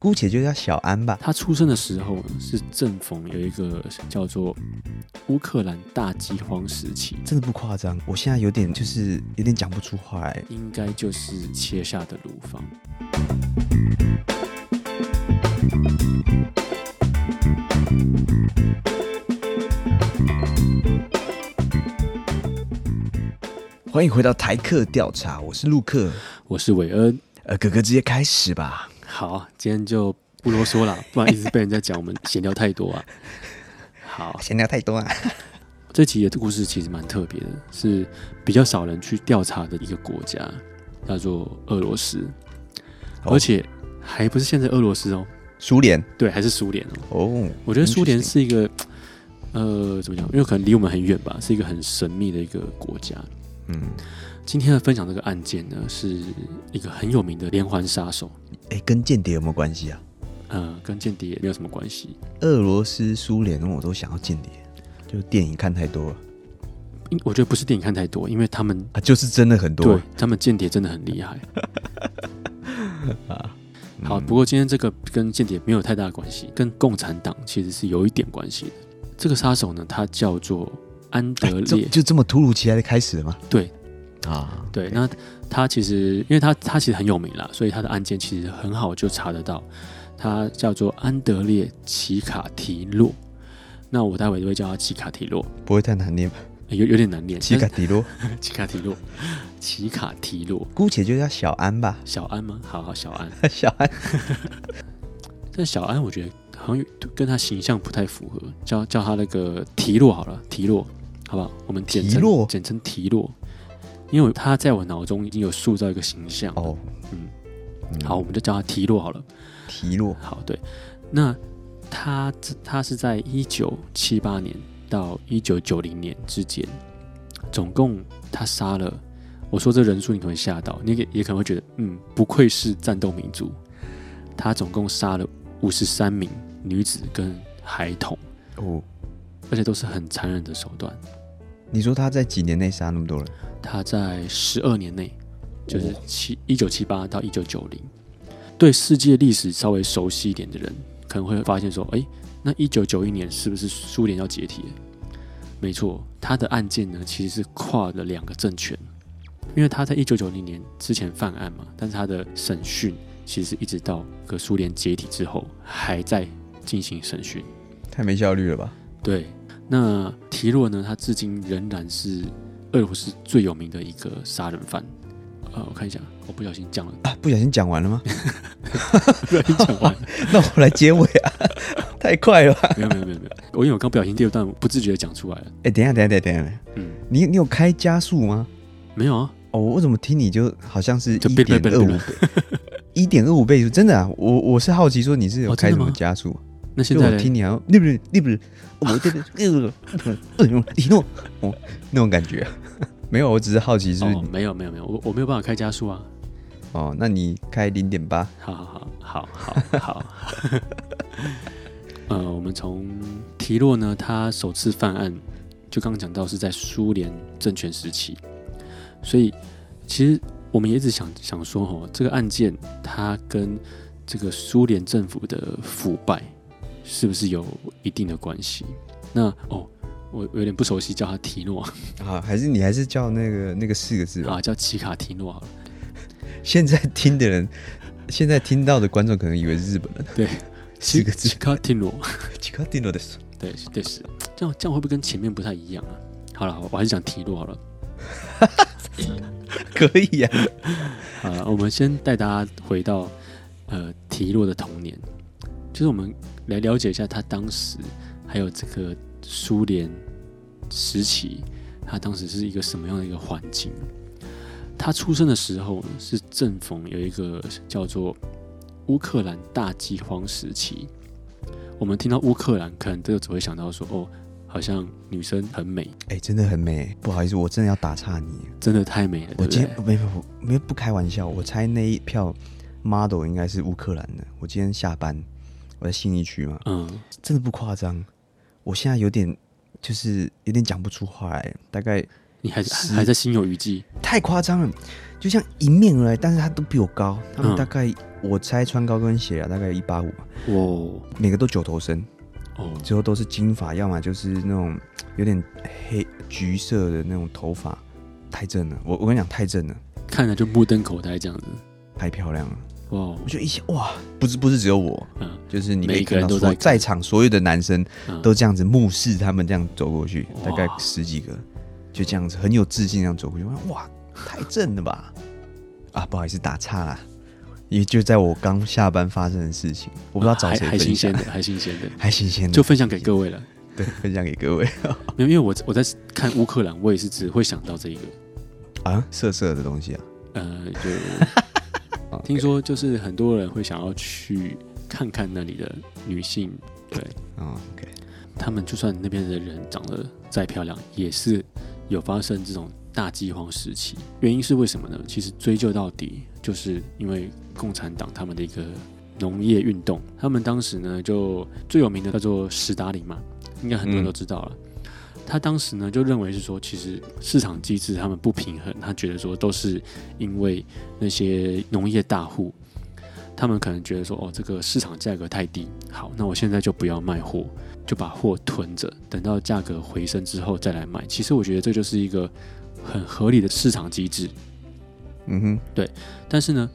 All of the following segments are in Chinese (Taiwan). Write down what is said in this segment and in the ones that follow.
姑且就叫小安吧。他出生的時候是正逢有一個叫做烏克蘭大饑荒時期，真的不誇張。我現在有點就是有點講不出話來。應該就是切下的乳房。歡迎回到台客調查，我是陸克，我是偉恩。呃，哥哥直接開始吧。好，今天就不囉嗦了，不然一直被人家講我們閒聊太多啊。好，閒聊太多啊。這期的故事其實蠻特別的，是比較少人去調查的一個國家，叫做俄羅斯。哦。而且還不是現在俄羅斯哦，蘇聯對，還是蘇聯哦。哦，我覺得蘇聯是一個，嗯，呃，怎麼講？因為可能離我們很遠吧，是一個很神秘的一個國家。嗯。今天的分享這個案件呢，是一個很有名的連環殺手。哎，跟間諜有沒有關係啊？呃，跟間諜也沒有什麼關係。俄羅斯、蘇聯我都想要間諜，就電影看太多了。我覺得不是電影看太多，因為他們啊，就是真的很多。對，他們間諜真的很厲害。 好、嗯，不過今天這個跟間諜沒有太大關係，跟共產黨其實是有一點關係的。這個殺手呢，他叫做安德烈。這就這麼突如其來的開始了嗎？對。啊、哦，對，Okay. 那他其實，因為他他其實很有名啦，所以他的案件其實很好就查得到。他叫做安德烈奇卡提洛，那我待會就會叫他奇卡提洛，不會太難念吧？欸、有有點難念，奇卡提洛，奇卡提洛， 奇卡提洛 奇卡提洛，姑且就叫小安吧。小安嗎？好好，小安， 小安。 但小安我覺得好像跟他形象不太符合，叫叫他那個提洛好了，提洛，好不好？我們簡稱簡稱提洛。因為他在我腦中已經有塑造一個形象哦。嗯，嗯，好，我們就叫他提洛好了。提洛，好，對。那他他是在一九七八年到一九九零年之間，總共他殺了，我說這人數你可能嚇到，你也可能會覺得，嗯，不愧是戰鬥民族，他總共殺了五十三名女子跟孩童哦，而且都是很殘忍的手段。你說他在幾年內殺那麼多人？他在十二年內，就是七一九七八到一九九零，對世界歷史稍微熟悉一點的人，可能會發現說，誒、欸，那一九九一年是不是蘇聯要解體？沒錯，他的案件呢，其實是跨了兩個政權，因為他在一九九零年之前犯案嘛，但是他的審訊其實一直到蘇聯解體之後還在進行審訊，太沒效率了吧？對，那提洛呢，他至今仍然是。二胡是最有名的一個殺人犯，啊，我看一下，我不小心講了，啊，不小心講完了嗎？不小心講完，那我來結尾啊，太快了，沒有沒有沒有沒有，我因為我剛不小心第二段我不自覺的講出來了，哎、欸，等一下等一下等一下，嗯，你你有，嗯你，你有開加速嗎？沒有啊，哦，我怎麼聽你就好像是一點二五倍，一點二五倍速，真的啊，我我是好奇說你是有開什麼加速，哦、那現在我聽你要，那、哎哎哎我們這邊那個，嗯，提、呃呃呃、諾，哦，那種感覺、啊，沒有，我只是好奇是是，是？沒有，沒有，沒有，我我沒有辦法開加速啊。哦，那你開零點八，好好好好好好。 呃，我們從提洛呢，他首次犯案，就剛剛講到是在蘇聯政權時期，所以其實我們也一直想想說，哦，這個案件它跟這個蘇聯政府的腐敗。是不是有一定的關係？那哦，我有點不熟悉，叫他提諾啊，還是你還是叫那個那個四個字吧啊，叫奇卡提諾好了。現在聽的人， 現在聽到的觀眾可能以為是日本人。對，四個字奇卡提諾，奇卡提諾的是，對，是這樣這樣會不會跟前面不太一樣啊？好了，我還是講提諾好了。 欸、可以呀、啊。 好了，我們先帶大家回到呃提諾的童年，就是我們。來了解一下他當時，還有這個蘇聯時期，他當時是一個什麼樣的一個環境？他出生的時候是正逢有一個叫做烏克蘭大饑荒時期。我們聽到烏克蘭，可能都只會想到說：“哦，好像女生很美。欸”哎，真的很美。不好意思，我真的要打岔你，真的太美了。我今天沒沒沒不開玩笑，我猜那一票 model 應該是烏克蘭的。我今天下班。我在信義區嘛，嗯，真的不誇張。我現在有點，就是有點講不出話來。大概你還是還在心有餘悸，太誇張了。就像迎面而來，但是他都比我高。她們大概、嗯、我猜穿高跟鞋啊，大概一八五吧。哇、哦，每個都九頭身，哦，最後都是金髮，要麼就是那種有點黑橘色的那種頭髮，太正了。我我跟你講，太正了，看着就目瞪口呆這樣子，太漂亮了。哦、wow，我就一些哇，不是不是只有我，嗯，就是你可以看到在場所有的男生都這樣子目視他們這樣走過去，嗯、大概十幾個，就這樣子很有自信這樣走過去，哇，太正了吧？啊，不好意思打岔了，也就在我剛下班發生的事情，嗯、我不知道找誰還，還新鮮的，還新鮮的，還新鮮的，就分享給各位了。 對，分享給各位。沒有，因為我我在看烏克蘭，我也是只會想到這一個啊，色色的東西啊，呃，就。 聽說就是很多人會想要去看看那裡的女性，對，OK，他們就算那邊的人長得再漂亮，也是有發生這種大饑荒時期。原因是為什麼呢？其實追究到底，就是因為共產黨他們的一個農業運動，他們當時呢就最有名的叫做“史達林”嘛，應該很多人都知道了，嗯。他當時呢，就認為是說，其實市場機制他們不平衡。他覺得說，都是因為那些農業大戶，他們可能覺得說，哦，這個市場價格太低，好，那我現在就不要賣貨，就把貨囤着，等到價格回升之後再來賣。其實我覺得這就是一個很合理的市場機制。嗯哼，對。但是呢，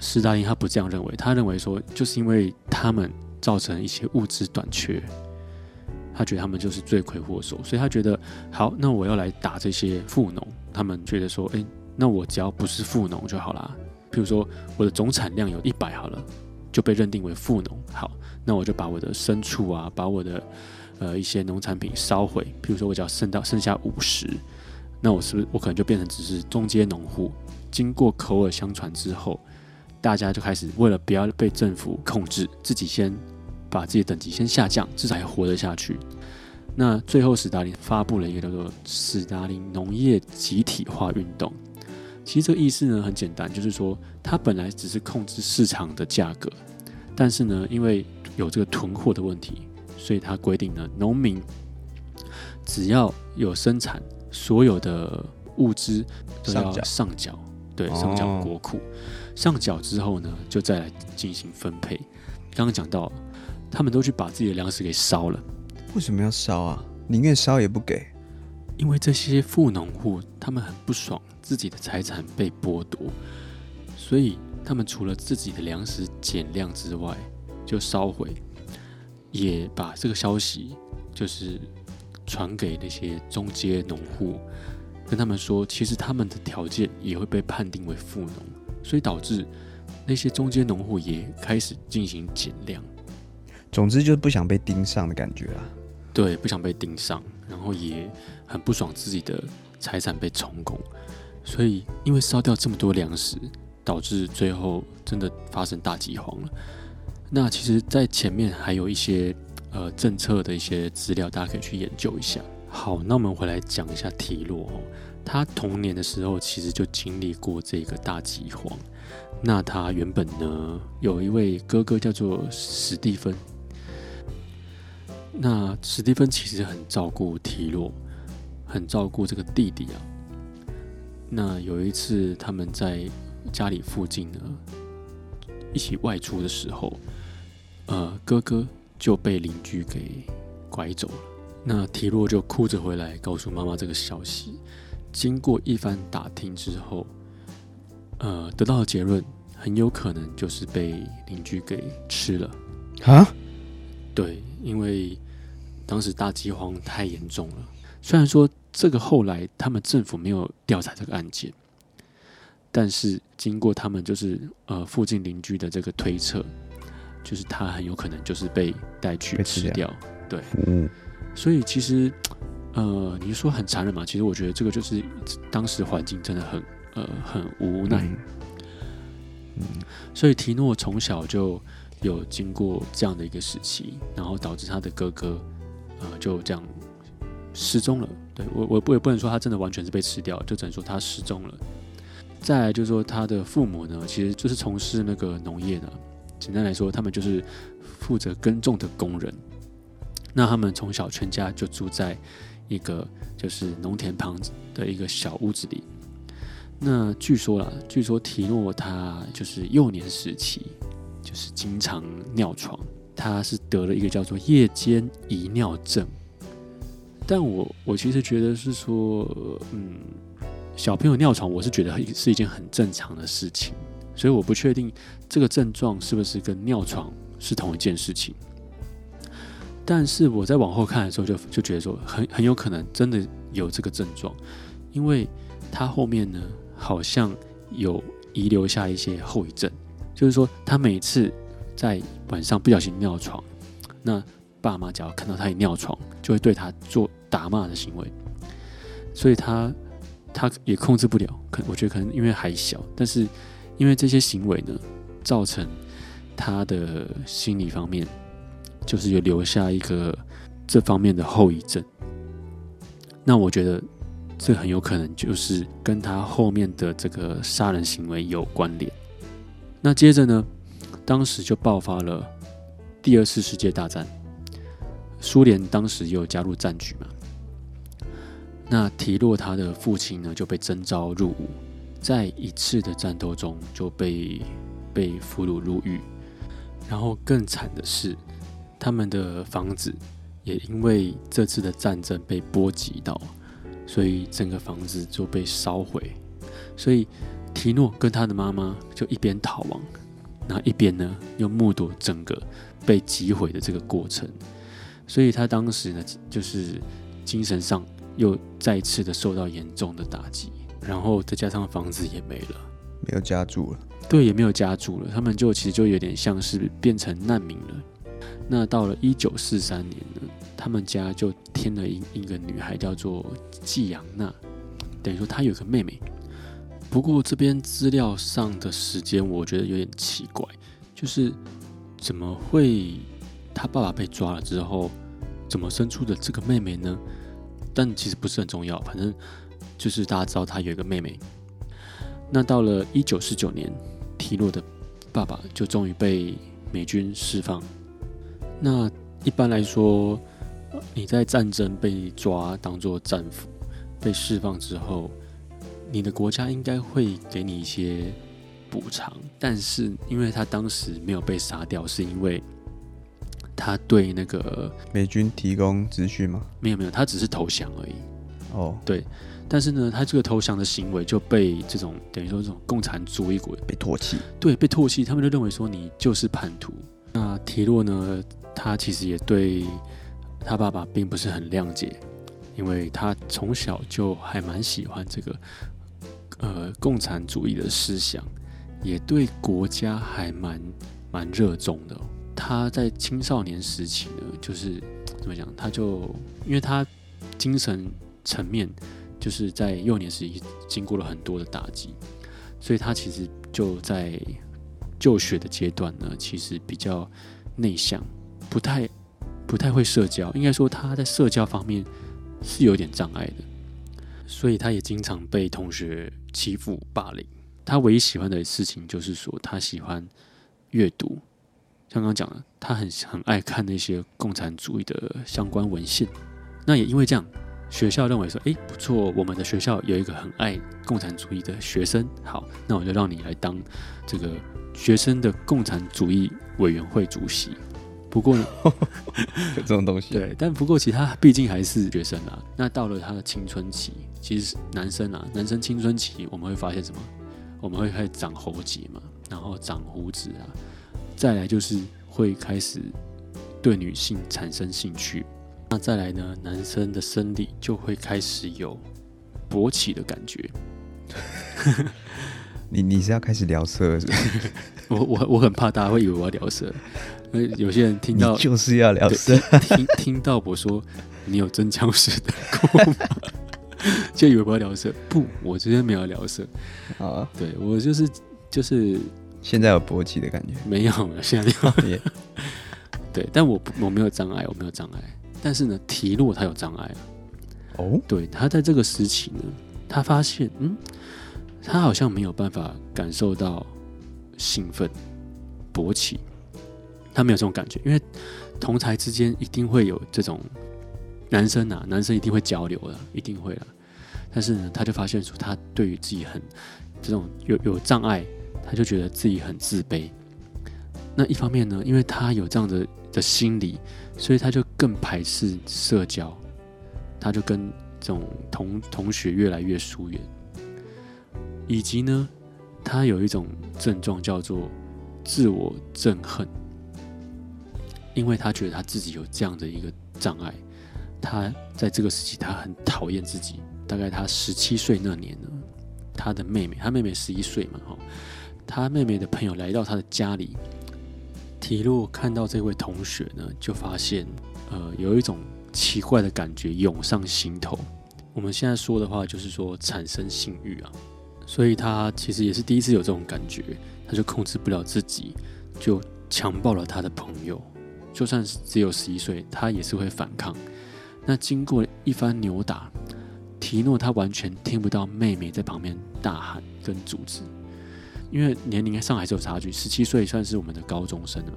史達林他不這樣認為，他認為說，就是因為他們造成一些物資短缺。他覺得他們就是罪魁禍首，所以他覺得好，那我要來打這些富農。他們覺得說，誒、欸，那我只要不是富農就好啦。譬如說，我的總產量有一百好了，就被認定為富農。好，那我就把我的牲畜啊，把我的呃一些農產品燒毀。譬如說，我只要剩到剩下五十，那我是不是我可能就變成只是中間農戶？經過口耳相傳之後，大家就開始為了不要被政府控制，自己先。把自己的等級先下降，至少還活得下去。那最後，史達林發布了一個叫做“史達林農業集體化運動”。其實這個意思呢很簡單，就是說他本來只是控制市場的價格，但是呢，因為有這個囤貨的問題，所以他規定呢，農民只要有生產，所有的物資都要上繳，對，上繳國庫，哦。上繳之後呢，就再來進行分配。剛剛講到。他們都去把自己的糧食給燒了，為什麼要燒啊？寧願燒也不給，因為這些富農戶他們很不爽，自己的財產被剝奪，所以他們除了自己的糧食減量之外，就燒毀，也把這個消息就是傳給那些中間農戶，跟他們說，其實他們的條件也會被判定為富農，所以導致那些中間農戶也開始進行減量。總之就是不想被盯上的感覺啊，對，不想被盯上，然後也很不爽自己的財產被充公，所以因為燒掉這麼多糧食，導致最後真的發生大饑荒了。那其實，在前面還有一些呃政策的一些資料，大家可以去研究一下。好，那我們回來講一下提洛喔，他童年的時候其實就經歷過這個大饑荒。那他原本呢，有一位哥哥叫做史蒂芬。那史蒂芬其實很照顧提洛，很照顧這個弟弟啊。那有一次他們在家裡附近呢一起外出的時候，呃，哥哥就被鄰居給拐走了。那提洛就哭着回來告訴媽媽這個消息。經過一番打聽之後，呃，得到的結論很有可能就是被鄰居給吃了蛤？對。因為當時大饑荒太嚴重了，雖然說這個後來他們政府沒有調查這個案件，但是經過他們就是呃附近鄰居的這個推測，就是他很有可能就是被帶去吃掉，對，所以其實呃你說很殘忍嘛？其實我覺得這個就是當時環境真的很呃很無奈，所以提諾從小就。有經過這樣的一個時期，然後導致他的哥哥，呃就這樣失蹤了。對，我，我不也不能說他真的完全是被吃掉，就只能說他失蹤了。再來就是說，他的父母呢，其實就是從事那個農業的。簡單來說，他們就是負責耕種的工人。那他們從小全家就住在一個就是農田旁的一個小屋子裡。那據說了，據說提諾他就是幼年時期。就是經常尿床，他是得了一個叫做夜間遺尿症。但我我其實覺得是說，嗯，小朋友尿床，我是覺得很是一件很正常的事情，所以我不確定這個症狀是不是跟尿床是同一件事情。但是我在往後看的時候就，就就覺得說很，很很有可能真的有這個症狀，因為他後面呢，好像有遺留下一些後遺症。就是說，他每次在晚上不小心尿床，那爸媽只要看到他一尿床，就會對他做打罵的行為，所以他他也控制不了。可我覺得可能因為還小，但是因為這些行為呢，造成他的心理方面就是有留下一個這方面的後遺症。那我覺得這很有可能就是跟他後面的這個殺人行為有關聯。那接着呢，當時就爆發了第二次世界大戰。蘇聯當時也有加入戰局嘛。那提洛他的父親呢，就被徵召入伍，在一次的戰鬥中就被被俘虜入獄。然後更慘的是，他們的房子也因為這次的戰爭被波及到，所以整個房子就被燒毀。所以。提諾跟他的媽媽就一邊逃亡，然後一邊呢又目睹整個被擊毀的這個過程，所以他當時呢就是精神上又再次的受到嚴重的打擊，然後再加上房子也沒了，沒有家住了，對，也沒有家住了，他們就其實就有點像是變成難民了。那到了一九四三年呢，他們家就添了一一個女孩，叫做季陽娜，等於說她有個妹妹。不過這邊資料上的時間，我覺得有點奇怪，就是怎麼會他爸爸被抓了之後，怎麼生出的這個妹妹呢？但其實不是很重要，反正就是大家知道他有一個妹妹。那到了一九四九年，提諾的爸爸就終於被美軍釋放。那一般來說，你在戰爭被抓當作戰俘被釋放之後。你的國家應該會給你一些補償，但是因為他當時沒有被殺掉，是因為他對那個美軍提供資訊嗎？沒有沒有，他只是投降而已。哦，oh，對，但是呢，他這個投降的行為就被這種等於說這種共產主義國被唾棄，對，被唾棄，他們就認為說你就是叛徒。那提洛呢，他其實也對他爸爸並不是很諒解，因為他從小就還蠻喜歡這個。呃，共產主義的思想也對國家還蠻蠻熱衷的。他在青少年時期呢，就是怎麼講？他就因為他精神層面，就是在幼年時期經過了很多的打擊，所以他其實就在就學的階段呢，其實比較內向，不太不太會社交。應該說他在社交方面是有點障礙的。所以他也經常被同學欺負霸凌。他唯一喜歡的事情就是說，他喜歡閱讀。像剛剛講了，他很很愛看那些共產主義的相關文獻。那也因為這樣，學校認為說，哎，不錯，我們的學校有一個很愛共產主義的學生。好，那我就讓你來當這個學生的共產主義委員會主席。不過呢呵呵，有這種東西對，但不過其他畢竟還是學生啊。那到了他的青春期。其實男生啊，男生青春期我們會發現什麼？我們會開始長喉結嘛，然後長鬍子啊，再來就是會開始對女性產生興趣。那再來呢，男生的生理就會開始有勃起的感覺。你你是要開始聊色是嗎 我？我我我很怕大家會以為我要聊色。 有些人聽到你就是要聊色，聽聽，聽到我說你有真槍實彈嗎。 就以為我要聊色，不，我今天沒有聊色啊、哦。對，我就是就是現在有勃起的感覺，沒有，沒有，現在沒有、哦。 對，但我我沒有障礙，我沒有障礙。但是呢，提洛他有障礙、啊、哦。對，他在這個時期呢，他發現，嗯，他好像沒有辦法感受到興奮勃起，他沒有這種感覺，因為同台之間一定會有這種。男生吶，男生一定會交流的，一定會的。但是呢，他就發現說，他對於自己很這種有有障礙，他就覺得自己很自卑。那一方面呢，因為他有這樣的的心理，所以他就更排斥社交，他就跟這種同同學越來越疏遠。以及呢，他有一種症狀叫做自我憎恨，因為他覺得他自己有這樣的一個障礙。他在這個時期，他很討厭自己。大概他十七歲那年呢，他的妹妹，他妹妹十一歲嘛，哈。他妹妹的朋友來到他的家裡，提洛看到這位同學呢，就發現呃，有一種奇怪的感覺湧上心頭。我們現在說的話就是說產生性慾啊，所以他其實也是第一次有這種感覺，他就控制不了自己，就強暴了他的朋友。就算是只有十一歲，他也是會反抗。那經過一番扭打，提諾他完全聽不到妹妹在旁邊大喊跟阻止，因為年齡上還是有差距，十七歲算是我們的高中生了。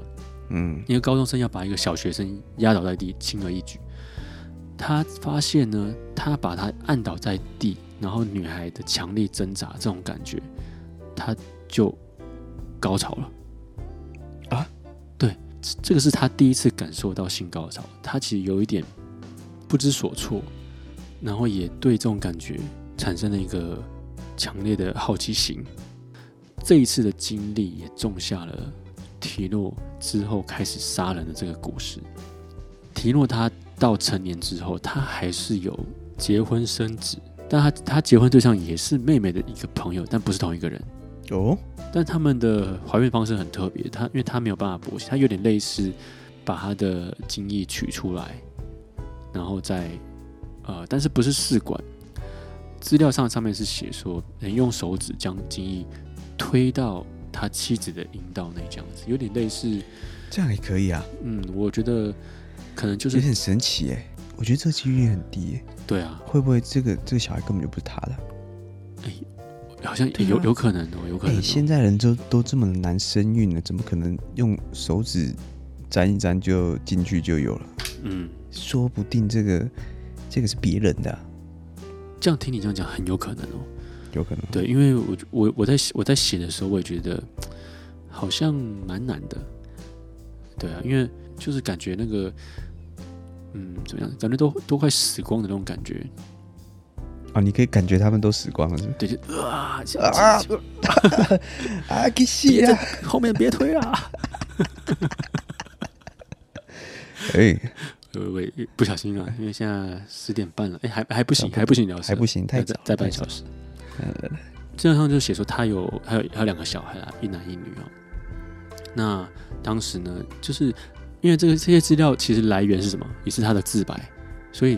嗯，因為高中生要把一個小學生壓倒在地輕而易舉。他發現呢，他把他按倒在地，然後女孩的強力掙扎這種感覺，他就高潮了。啊，對，這個是他第一次感受到性高潮，他其實有一點。不知所措，然後也對這種感覺產生了一個強烈的好奇心。這一次的經歷也種下了提諾之後開始殺人的這個故事。提諾他到成年之後，他還是有結婚生子，但他他結婚對象也是妹妹的一個朋友，但不是同一個人。哦，但他們的懷孕方式很特別，他因為他沒有辦法勃起，他有點類似把他的精液取出來。然後再，呃，但是不是試管？資料上上面是寫說，能用手指將精液推到他妻子的陰道內，這樣子有點類似。這樣也可以啊。嗯，我覺得可能就是有點神奇哎、欸。我覺得這個機率很低、欸啊。對啊，會不會這個這個小孩根本就不是他的？哎、欸，好像、啊欸、有有可能哦，有可能，、喔有可能喔欸。現在人都都這麼難生育了，怎麼可能用手指沾一沾就進去就有了？嗯。說不定這個這個是別人的，啊，這樣聽你這樣講，很有可能哦，喔，有可能。對，因為我我我在寫我在寫的時候，我也覺得好像蠻難的。對啊，因為就是感覺那個，嗯，怎麼樣？感覺都都快死光的那種感覺。啊，你可以感覺他們都死光了，是嗎？對，就啊啊啊！啊，給，啊 啊，死了！後面別推了，啊。哎 欸。各位不小心了，因為現在十點半了，哎、欸，還還不行，還不，還不行，聊了還不行，太早、呃，再半小時。呃、資料上就寫說他有，還有還有兩個小孩啊，一男一女啊。那當時呢，就是因為這個這些資料其實來源是什麼、嗯？也是他的自白，所以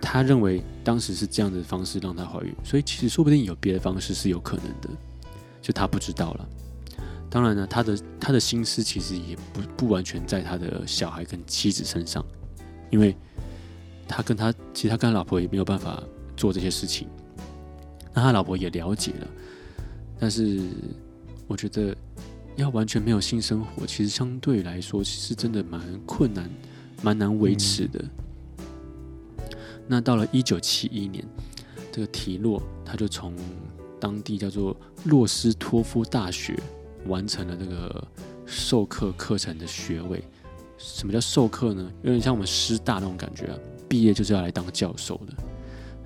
他認為當時是這樣的方式讓他懷孕，所以其實說不定有別的方式是有可能的，就他不知道了。當然呢，他的他的心思其實也不不完全在他的小孩跟妻子身上。因為他跟他其實他跟他老婆也沒有辦法做這些事情，那他老婆也了解了，但是我覺得要完全沒有性生活，其實相對來說，其實真的蠻困難，蠻難維持的。嗯、那到了一九七一年，這個提洛他就從當地叫做洛斯托夫大學完成了那個授課課程的學位。什麼叫授課呢？有點像我們師大那種感覺啊，畢業就是要來當教授的。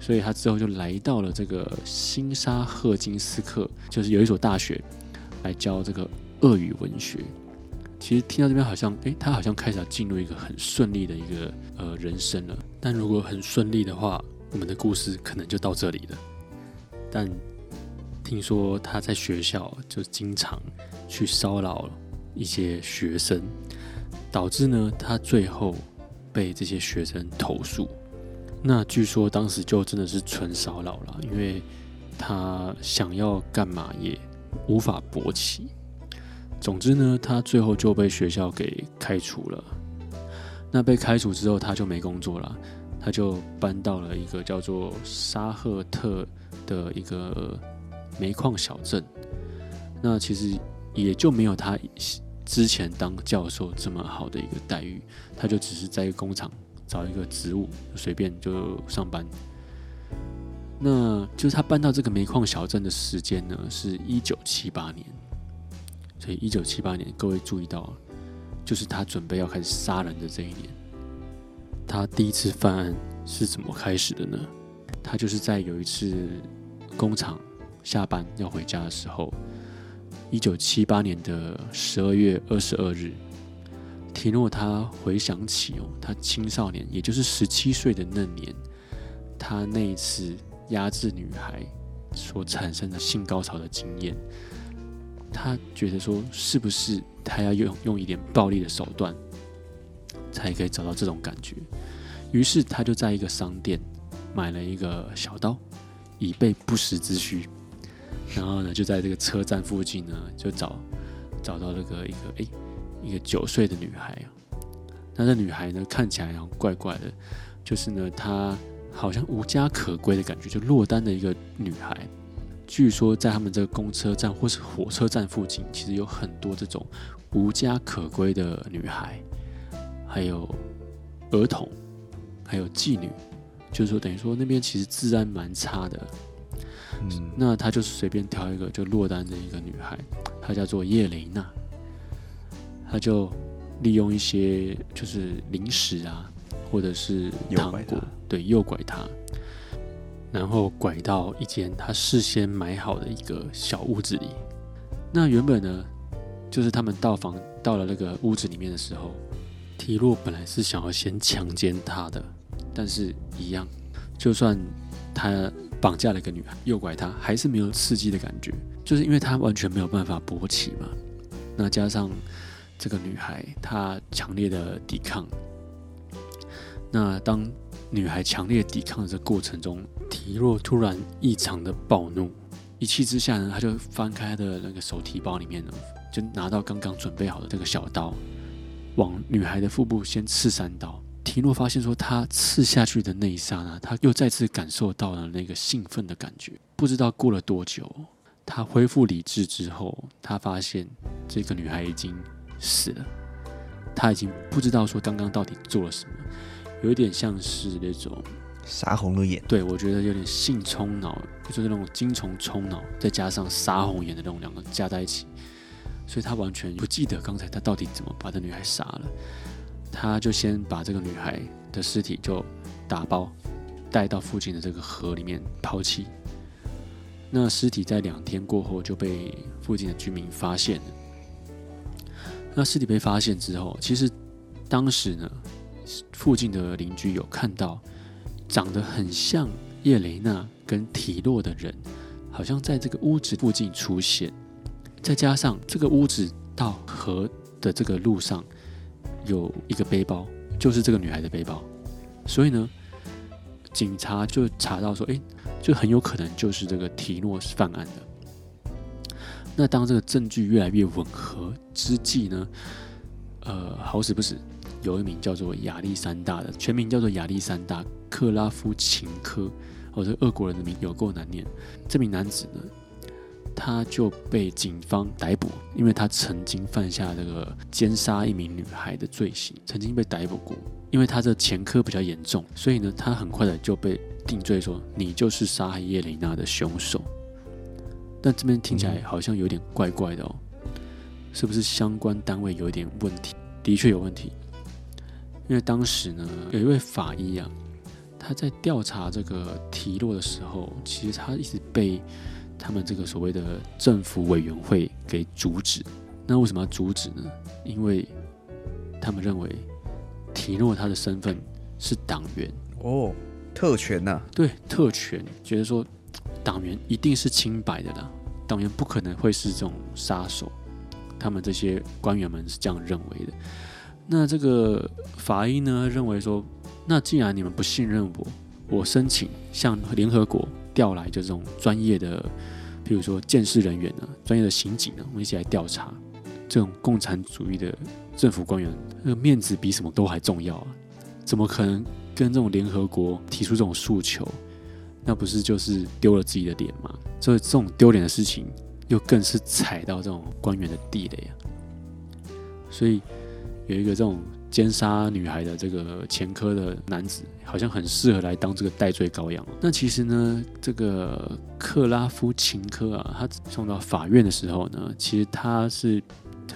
所以他之後就來到了這個新沙赫金斯克，就是有一所大學來教這個俄語文學。其實聽到這邊好像，誒、欸，他好像開始要進入一個很順利的一個呃人生了。但如果很順利的話，我們的故事可能就到這裡了。但聽說他在學校就經常去騷擾一些學生。導致呢，他最後被這些學生投訴。那據說當時就真的是純騷擾了，因為他想要幹嘛也無法勃起。總之呢，他最後就被學校給開除了。那被開除之後，他就沒工作了，他就搬到了一個叫做沙赫特的一個煤礦小鎮。那其實也就沒有他。之前當教授這麼好的一個待遇，他就只是在一個工廠找一個職務，隨便就上班。那就是他搬到這個煤礦小鎮的時間呢，是一九七八年。所以一九七八年，各位注意到，就是他準備要開始殺人的這一年。他第一次犯案是怎麼開始的呢？他就是在有一次工廠下班要回家的時候。一九七八年的十二月二十二日，提諾他回想起哦，他青少年，也就是十七歲的那年，他那一次壓制女孩所產生的性高潮的經驗，他覺得說，是不是他要用用一點暴力的手段，才可以找到這種感覺？於是他就在一個商店買了一個小刀，以備不時之需。然後呢，就在這個車站附近呢，就找找到那個一個哎、欸、一個九歲的女孩。那這女孩呢，看起來好怪怪的，就是呢，她好像無家可歸的感覺，就落單的一個女孩。據說在他們這個公車站或是火車站附近，其實有很多這種無家可歸的女孩，還有兒童，還有妓女，就是說等於說那邊其實治安蠻差的。那他就是隨便挑一個就落單的一個女孩，她叫做葉雷娜，他就利用一些就是零食啊，或者是糖果，他對，誘拐她，然後拐到一間他事先買好的一個小屋子裡。那原本呢，就是他們到房到了那個屋子裡面的時候，提洛本來是想要先強姦她的，但是一樣，就算他。綁架了一個女孩，誘拐她還是沒有刺激的感覺，就是因為她完全沒有辦法勃起嘛。那加上這個女孩她強烈的抵抗，那當女孩強烈抵抗的過程中，體弱突然異常的暴怒，一氣之下呢，她就翻開她的那個手提包裡面呢，就拿到剛剛準備好的那個小刀，往女孩的腹部先刺三刀。提諾發現說，他刺下去的那一剎那，他又再次感受到了那個興奮的感覺。不知道過了多久，他恢復理智之後，他發現這個女孩已經死了。他已經不知道說剛剛到底做了什麼，有一點像是那種殺紅了眼。對，我覺得有點性衝腦，就是那種精蟲衝腦，再加上殺紅眼的那種，兩個加在一起，所以他完全不記得剛才他到底怎麼把這女孩殺了。他就先把這個女孩的屍體就打包，帶到附近的這個河裡面拋棄。那屍體在兩天過後就被附近的居民發現了。那屍體被發現之後，其實當時呢，附近的鄰居有看到長得很像葉雷娜跟提洛的人，好像在這個屋子附近出現。再加上這個屋子到河的這個路上。有一個背包，就是這個女孩的背包，所以呢，警察，就查到說，哎，就很有可能就是這個提諾犯案的。那當這個證據越來越吻合之際呢，呃，好死不死，有一名叫做亞歷山大的，全名叫做亞歷山大克拉夫琴科，哦，這個俄國人的名有夠難念。這名男子呢，他就被警方逮捕，因為他曾經犯下這個姦殺一名女孩的罪行，曾經被逮捕過。因為他的前科比較嚴重，所以呢，他很快的就被定罪說，說你就是殺害葉雷娜的兇手。但這邊聽起來好像有點怪怪的哦，是不是相關單位有點問題？的確有問題，因為當時呢，有一位法醫啊，他在調查這個提洛的時候，其實他一直被。他們這個所謂的政府委員會給阻止，那為什麼要阻止呢？因為他們認為提諾他的身份是黨員哦，特權吶啊，對，特權，覺得說黨員一定是清白的啦，黨員不可能會是這種殺手，他們這些官員們是這樣認為的。那這個法醫呢認為說，那既然你們不信任我，我申請向聯合國。調來就這種專業的，比如說監視人員呢、啊，專業的刑警呢、啊，我們一起來調查這種共產主義的政府官員，那面子比什麼都還重要啊！怎麼可能跟這種聯合國提出這種訴求？那不是就是丟了自己的臉嗎？所以這種丟臉的事情，又更是踩到這種官員的地雷啊！所以有一個這種。姦殺女孩的這個前科的男子，好像很適合來當這個代罪羔羊。那其實呢，這個克拉夫琴科啊，他送到法院的時候呢，其實他是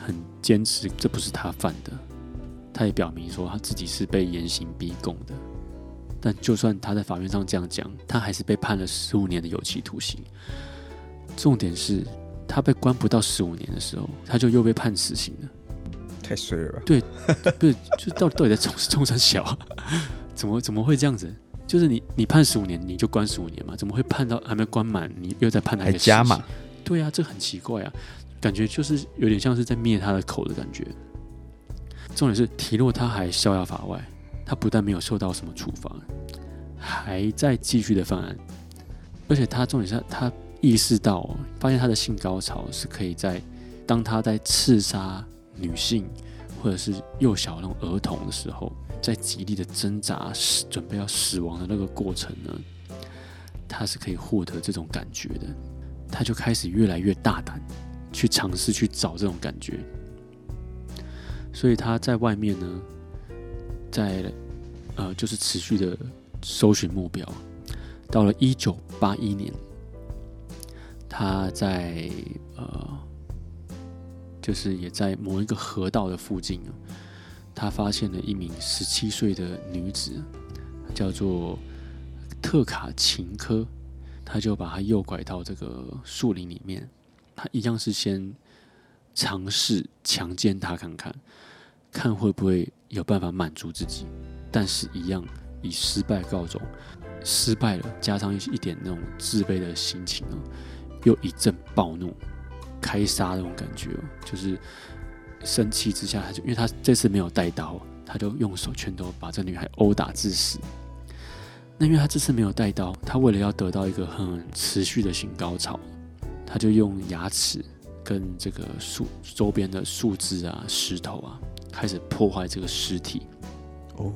很堅持這不是他犯的，他也表明說他自己是被嚴刑逼供的。但就算他在法院上這樣講，他還是被判了十五年的有期徒刑。重點是他被關不到十五年的時候，他就又被判死刑了。太衰了吧？ 對，不是就到底到底在重重審小、啊？ 怎麼怎麼會這樣子？就是你你判十五年，你就關十五年嘛？怎麼會判到還沒關滿，你又在判他一個加嘛？對啊，這很奇怪啊，感覺就是有點像是在滅他的口的感覺。重點是提洛他還逍遙法外，他不但沒有受到什麼處罰，還在繼續的犯案，而且他重點是他意識到、哦，發現他的性高潮是可以在當他在刺殺。女性，或者是幼小的那種兒童的時候，在極力的掙扎，準備要死亡的那個過程呢，他是可以獲得這種感覺的。他就開始越來越大膽，去嘗試去找這種感覺。所以他在外面呢，在呃，就是持續的搜尋目標。到了一九八一年，他在呃。就是也在某一個河道的附近啊，他發現了一名十七歲的女子，叫做特卡琴科，他就把她誘拐到這個樹林裡面，他一樣是先嘗試強姦她看看，看會不會有辦法滿足自己，但是一樣以失敗告終，失敗了加上一點那種自卑的心情啊，又一陣暴怒。開殺那種感覺，就是生氣之下，他就因為他這次沒有帶刀，他就用手拳頭把這女孩毆打致死。那因為他這次沒有帶刀，他為了要得到一個很持續的性高潮，他就用牙齒跟這個樹周邊的樹枝啊、石頭啊，開始破壞這個屍體。哦，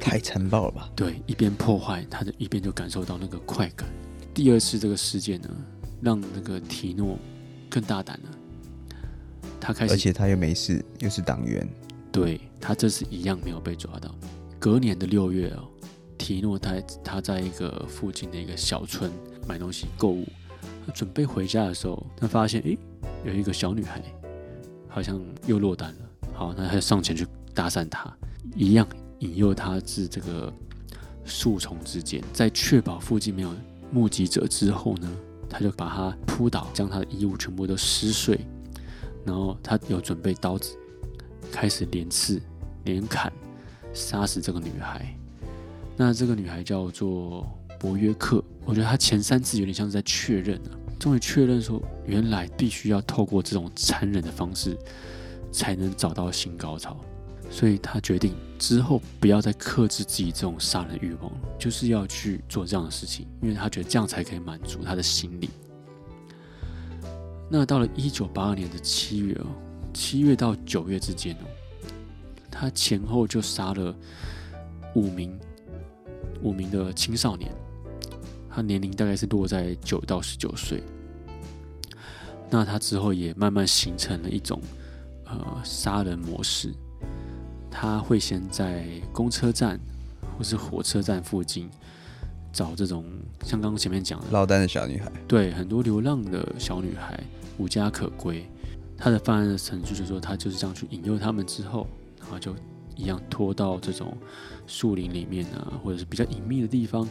太殘暴了吧？對，一邊破壞他的一邊就感受到那個快感。第二次這個事件呢，讓那個提諾。更大膽了，他開始，而且他又沒事，又是黨員，對，他這次一樣沒有被抓到。隔年的六月哦，提諾他他在一個附近的一個小村買東西購物，他準備回家的時候，他發現誒、欸、有一個小女孩好像又落單了。好，那他就上前去搭訕她，一樣引誘她至這個樹叢之間，在確保附近沒有目擊者之後呢，他就把她撲倒，將她的衣物全部都撕碎，然後他有準備刀子，開始連刺、連砍，殺死這個女孩。那這個女孩叫做伯約克，我覺得他前三次有點像是在確認啊，終於確認說，原來必須要透過這種殘忍的方式，才能找到性高潮。所以他決定之後不要再克制自己這種殺人慾望了，就是要去做這樣的事情，因為他覺得這樣才可以滿足他的心理。那到了一九八二年的七月哦，七月到九月之間哦，他前後就殺了五名，五名的青少年，他年齡大概是落在九到十九歲。那他之後也慢慢形成了一種呃殺人模式。他會先在公車站或是火車站附近找這種，像剛剛前面講的，落單的小女孩。對，很多流浪的小女孩無家可歸。他的犯案的程序就是說，他就是這樣去引誘他們之後，然後就一樣拖到這種樹林裡面啊，或者是比較隱秘的地方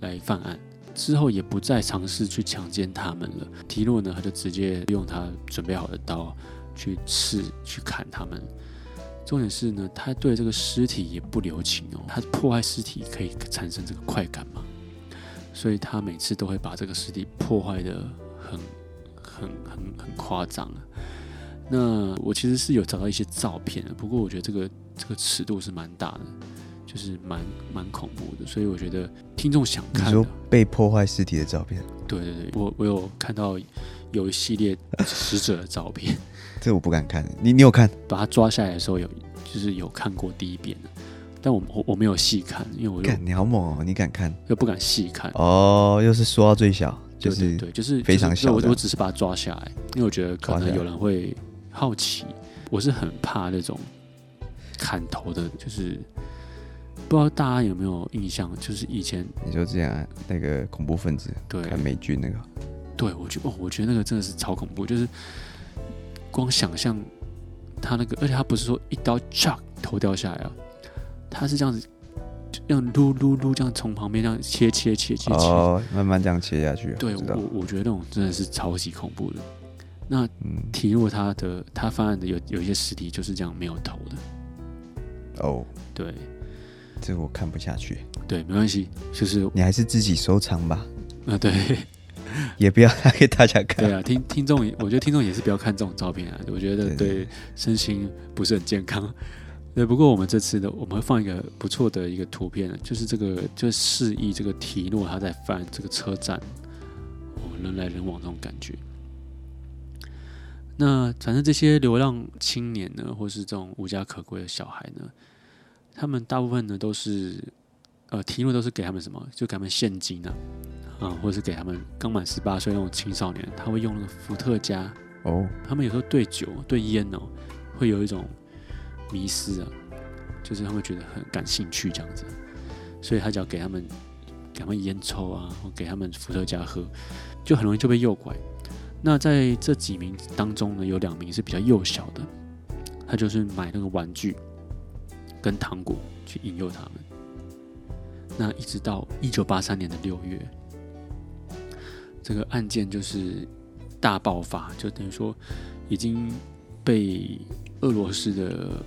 來犯案，之後也不再嘗試去強姦他們了。提洛呢，他就直接用他準備好的刀去刺、去砍他們。重點是呢，他對這個屍體也不留情哦，他破壞屍體可以產生這個快感嘛？所以他每次都會把這個屍體破壞得很、很、很、很誇張。那我其實是有找到一些照片的，不過我覺得這個這個尺度是蠻大的，就是蠻蠻恐怖的。所以我覺得聽眾想看。你說被破壞屍體的照片？對對對，我我有看到有一系列死者的照片。 這我不敢看，你你有看？把它抓下來的時候有，有就是有看過第一遍，但我我，我沒有細看，因為我看你好猛哦、喔，你敢看又不敢細看哦，又是縮到最小，就是對，對，對，就是非常小。就是、我我只是把它抓下來，因為我覺得可能有人會好奇，我是很怕那種砍頭的，就是不知道大家有沒有印象，就是以前你就這樣、啊、那個恐怖分子對看美軍那個，對我覺得、哦、我覺得那個真的是超恐怖，就是。光想象，他那個，而且他不是說一刀插頭掉下來啊，他是這樣子，這樣擼擼擼，這樣從旁邊這樣切切切切切，哦，慢慢這樣切下去。對，我我覺得那種真的是超級恐怖的。那嗯，提過他的他犯案的有有一些屍體就是這樣沒有頭的。哦，對，這個我看不下去。對，沒關係，就是你還是自己收藏吧。啊、呃，對。也不要拿給大家看。對啊，聽聽眾，我覺得聽眾也是不要看這種照片啊。 我覺得對身心不是很健康。對，對,對,對，不過我們這次的我們會放一個不錯的一個圖片，就是這個，就示、是、意這個提諾他在翻這個車站，哦，人來人往這種感覺。那反正這些流浪青年呢，或是這種無家可歸的小孩呢，他們大部分呢都是。呃，題目都是給他們什麼？就給他們現金呢、啊，啊，或者是給他們剛滿十八歲那種青少年，他會用那個伏特加哦。Oh. 他們有時候對酒、對菸哦、喔，會有一種迷失啊，就是他們覺得很感興趣這樣子。所以，他只要給他們給他們菸抽啊，或給他們伏特加喝，就很容易就被誘拐。那在這幾名當中呢，有兩名是比較幼小的，他就是買那個玩具跟糖果去引誘他們。那一直到一九八三年的六月，這個案件就是大爆發，就等於說已經被俄羅斯的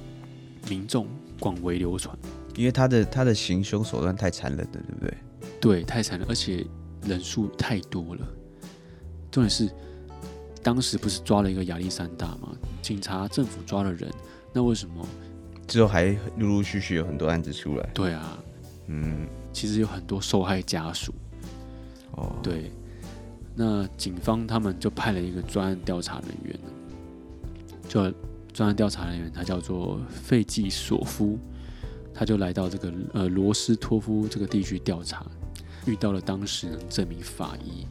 民眾廣為流傳。因為他的他的行凶手段太殘忍了，對不對？對，太殘忍，而且人數太多了。重點是，當時不是抓了一個亞歷山大嗎？警察、政府抓了人，那為什麼之後還陸陸續續有很多案子出來？對啊。嗯，其實有很多受害家屬。哦，對，那警方他們就派了一個專案調查人員，就專案調查人員，他叫做費季索夫，他就來到這個呃羅斯托夫這個地區調查，遇到了當事人，證明法醫，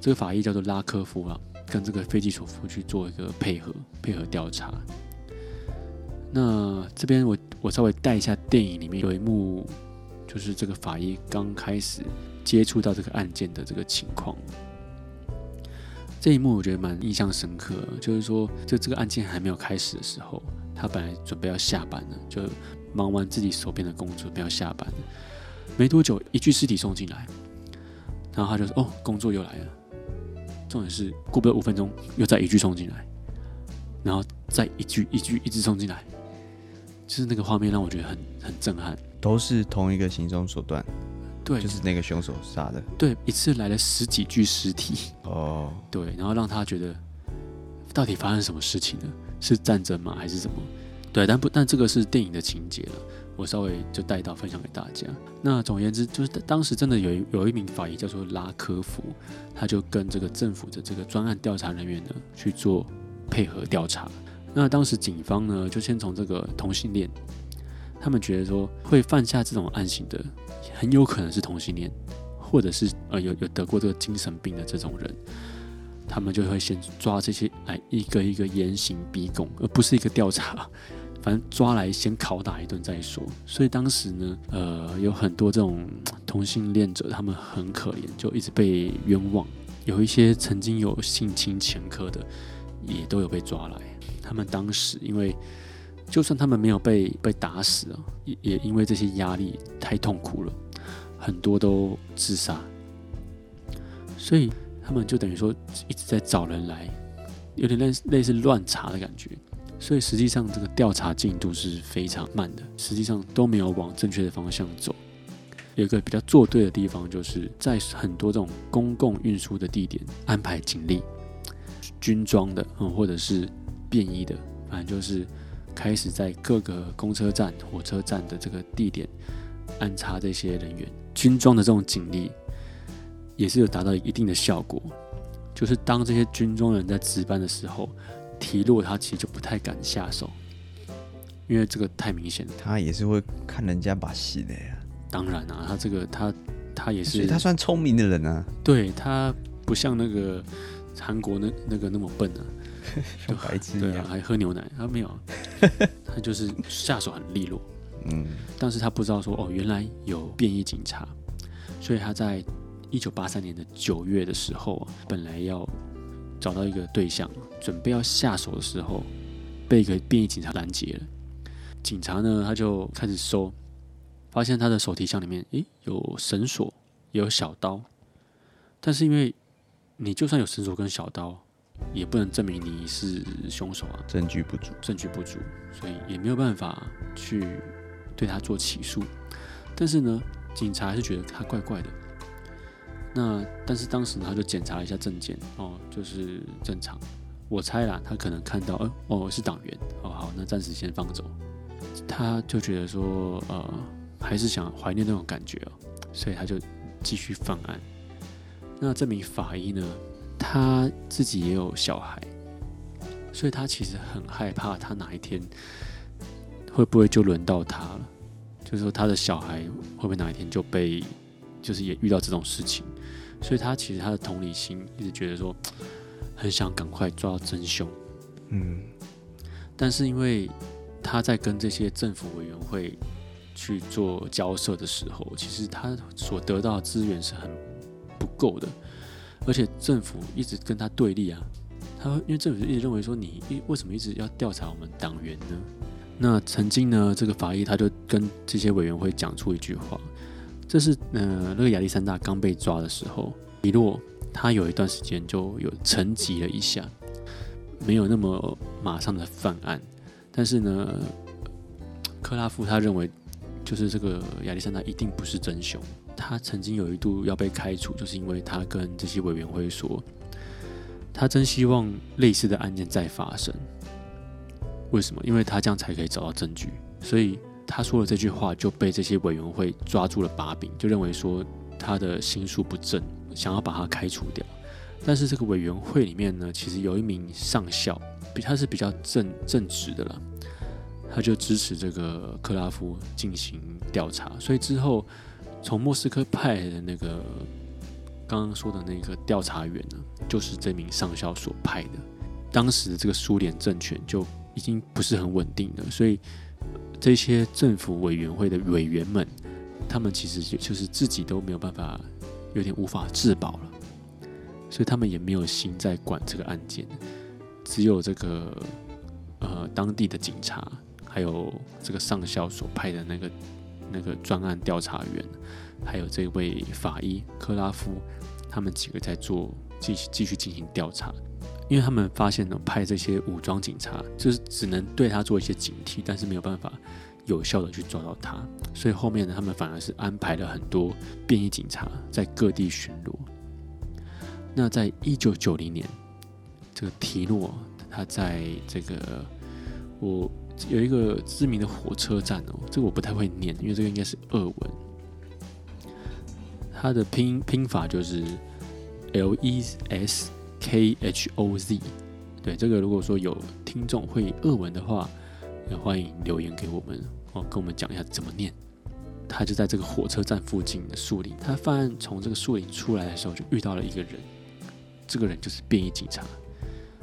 這個法醫叫做拉科夫啊，跟這個費季索夫去做一個配合配合調查。那這邊我我稍微帶一下電影裡面有一幕，就是這個法醫剛開始接觸到這個案件的這個情況。這一幕我覺得蠻印象深刻，就是說，就這個案件還沒有開始的時候，他本來準備要下班了，就忙完自己手邊的工作，準備要下班了。沒多久，一具屍體送進來，然後他就說：“哦，工作又來了。”重點是，過不了五分鐘，又再一具送進來，然後再一具一具一直送進來。就是那個畫面讓我覺得很很震撼，都是同一個行兇手段，對，就是那個兇手殺的，對，一次來了十幾具屍體，哦，對，然後讓他覺得到底發生什麼事情呢？是戰爭嗎？還是什麼？對，但不，但這個是電影的情節了，我稍微就帶到分享給大家。那總而言之，就是當時真的有一有一名法醫叫做拉科夫，他就跟這個政府的這個專案調查人員呢去做配合調查。那當時警方呢，就先從這個同性戀，他們覺得說會犯下這種案型的，很有可能是同性戀，或者是呃有有得過這個精神病的這種人，他們就會先抓這些，來、哎、一個一個嚴刑逼供，而不是一個調查，反正抓來先拷打一頓再說。所以當時呢，呃，有很多這種同性戀者，他們很可憐，就一直被冤枉，有一些曾經有性侵前科的，也都有被抓來。他們當時因為，就算他們沒有被被打死啊，也也因為這些壓力太痛苦了，很多都自殺。所以他們就等於說一直在找人來，有點類似類似亂查的感覺。所以實際上這個調查進度是非常慢的，實際上都沒有往正確的方向走。有一個比較做對的地方，就是在很多這種公共運輸的地點安排警力、軍裝的，嗯，或者是。便衣的，反正就是開始在各個公車站、火車站的這個地點安插這些人員。軍裝的這種警力也是有達到一定的效果，就是當這些軍裝的人在值班的時候，提洛他其實就不太敢下手，因為這個太明顯了。他也是會看人家把戲的呀。當然啊，他這個他他也是，他算聰明的人啊。對他不像那個韓國那那個那麼笨啊。白痴，啊啊、還喝牛奶他、啊、沒有，他就是下手很利落。嗯， 但是他不知道說哦，原來有便衣警察，所以他在一九八三年的九月的時候本來要找到一個對象，準備要下手的時候，被一個便衣警察攔截了。警察呢，他就開始搜，發現他的手提箱裡面，誒、欸，有繩索，有小刀，但是因為你就算有繩索跟小刀。也不能證明你是兇手啊，證據不足，證據不足，所以也沒有辦法去對他做起訴。但是呢，警察還是覺得他怪怪的。那但是當時呢，他就檢查了一下證件哦，就是正常。我猜啦，他可能看到，呃，哦，我是黨員，哦，好，那暫時先放走。他就覺得說，呃，還是想懷念那種感覺哦，所以他就繼續犯案。那這名法醫呢？他自己也有小孩，所以他其實很害怕，他哪一天會不會就輪到他了？就是說他的小孩會不會哪一天就被，就是也遇到這種事情？所以他其實他的同理心一直覺得說，很想趕快抓到真兇。嗯，但是因為他在跟這些政府委員會去做交涉的時候，其實他所得到的資源是很不夠的。而且政府一直跟他對立啊，他因為政府一直認為說，你一為什麼一直要調查我們黨員呢？那曾經呢，這個法醫他就跟這些委員會講出一句話，這是嗯、呃，那個亞歷山大剛被抓的時候，米洛他有一段時間就有沉寂了一下，沒有那麼馬上的犯案，但是呢，克拉夫他認為就是這個亞歷山大一定不是真凶。他曾經有一度要被開除，就是因為他跟這些委員會說，他真希望類似的案件再發生。為什麼？因為他這樣才可以找到證據。所以他說了這句話，就被這些委員會抓住了把柄，就認為說他的心術不正，想要把他開除掉。但是這個委員會裡面呢，其實有一名上校比他是比較正正直的了，他就支持這個克拉夫進行調查。所以之後。從莫斯科派的那個，剛剛說的那個調查員呢，就是這名上校所派的。當時這個蘇聯政權就已經不是很穩定了，所以這些政府委員會的委員們，他們其實就是自己都沒有辦法，有點無法自保了，所以他們也沒有心在管這個案件，只有這個呃當地的警察，還有這個上校所派的那個。那個專案調查員，還有這位法醫克拉夫，他們幾個在做繼續繼續進行調查，因為他們發現呢，派這些武裝警察就是只能對他做一些警惕，但是沒有辦法有效的去抓到他，所以後面呢，他們反而是安排了很多便衣警察在各地巡邏。那在一九九零年，這個提諾他在這個我。有一個知名的火車站哦，這個我不太會念，因為這個應該是俄文。它的拼音拼法就是 L E S K H O Z。對，這個如果說有聽眾會俄文的話，也歡迎留言給我們哦，跟我們講一下怎麼念。他就在這個火車站附近的樹林，他犯案從這個樹林出來的時候，就遇到了一個人。這個人就是便衣警察，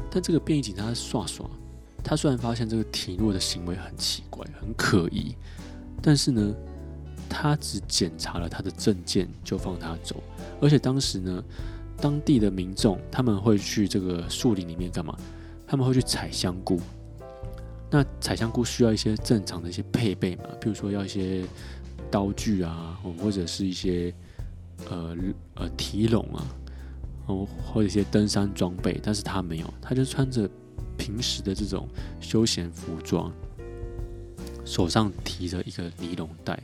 但這個便衣警察帥不帥？他雖然發現這個提諾的行為很奇怪，很可疑，但是呢，他只檢查了他的證件就放他走。而且當時呢，當地的民眾他們會去這個樹林裡面幹嘛？他們會去採香菇。那採香菇需要一些正常的一些配備嘛，比如說要一些刀具啊，或者是一些呃呃提籠啊，哦或者一些登山裝備，但是他沒有，他就穿着。平時的這種休閒服裝，手上提着一個尼龍袋，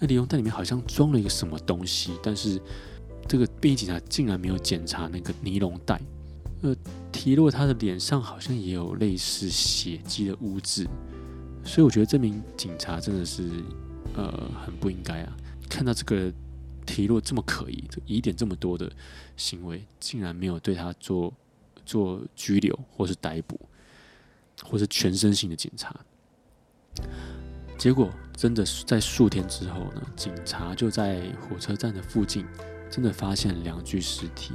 那尼龍袋裡面好像裝了一個什麼東西，但是這個便衣警察竟然沒有檢查那個尼龍袋。呃，提洛他的臉上好像也有類似血跡的污漬，所以我覺得這名警察真的是呃很不應該啊！看到這個提洛這麼可疑，疑點這麼多的行為，竟然沒有對他做做拘留或是逮捕。或是全身性的檢查，結果真的是在數天之後呢，警察就在火車站的附近，真的發現兩具屍體。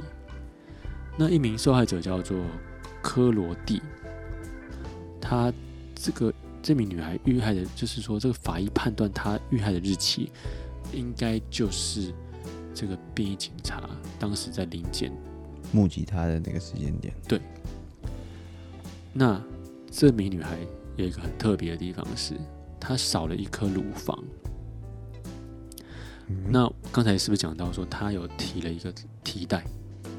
那一名受害者叫做科羅蒂，他這個這名女孩遇害的，就是說這個法醫判斷她遇害的日期，應該就是這個便衣警察當時在臨檢目擊她的那個時間點。對，那。這名女孩有一個很特別的地方是，是她少了一顆乳房，嗯。那剛才是不是講到說，她有提了一個提袋，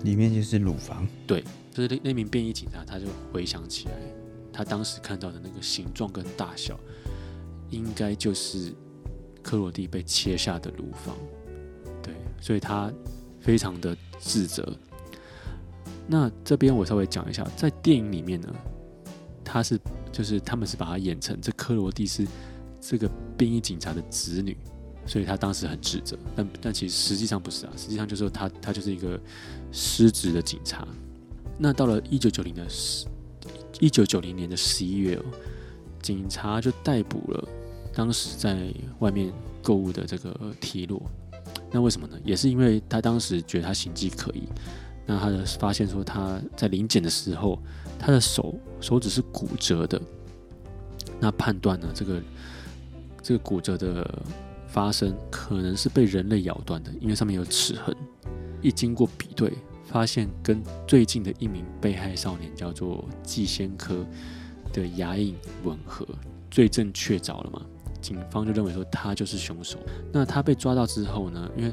裡面就是乳房？對，就是那那名便衣警察，他就回想起來，他當時看到的那個形狀跟大小，應該就是克羅蒂被切下的乳房。對，所以他非常的自責。那這邊我稍微講一下，在電影裡面呢。他是就是他們是把他演成這科羅蒂斯這個便衣警察的子女，所以他當時很指責，但但其實實際上不是啊，實際上就是他他就是一個失職的警察。那到了一九九零的十一九九零年的十一月哦，警察就逮捕了當時在外面購物的這個提洛。那為什麼呢？也是因為他當時覺得他行迹可疑，那他的發現說他在臨檢的時候。他的手手指是骨折的，那判斷呢，這個這個骨折的發生可能是被人類咬斷的，因為上面有齒痕。一經過比對，發現跟最近的一名被害少年叫做季先科的牙印吻合，罪證確鑿了嘛，警方就認為說他就是兇手。那他被抓到之後呢，因為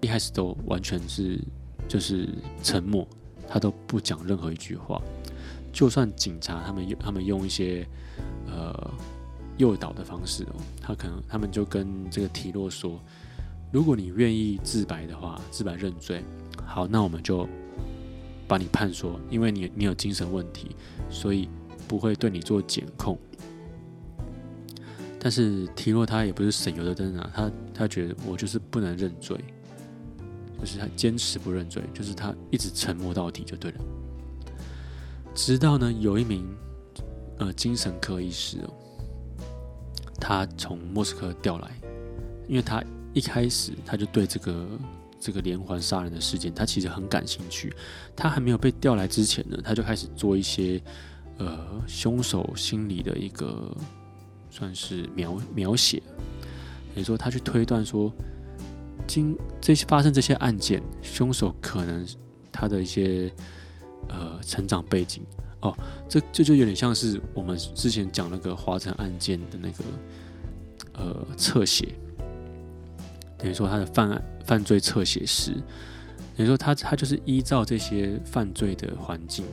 一開始都完全是就是沉默，他都不講任何一句話。就算警察他們用他們用一些呃誘導的方式哦，他可能他們就跟這個提洛說，如果你願意自白的話，自白認罪，好，那我們就把你判說，因為你你有精神問題，所以不會對你做檢控。但是提洛他也不是省油的燈啊，他他覺得我就是不能認罪，就是他堅持不認罪，就是他一直沉默到底就對了。直到呢，有一名呃精神科醫師，哦，他從莫斯科調來，因為他一開始他就對這個這個連環殺人的事件，他其實很感興趣。他還沒有被調來之前呢，他就開始做一些呃兇手心理的一個算是描描寫，也就是說，他去推斷說，經這些發生這些案件，兇手可能他的一些。呃，成長背景哦，這這就有點像是我們之前講那個華城案件的那個呃側寫，等於說他的犯犯罪側寫師，等於說他他就是依照這些犯罪的環境，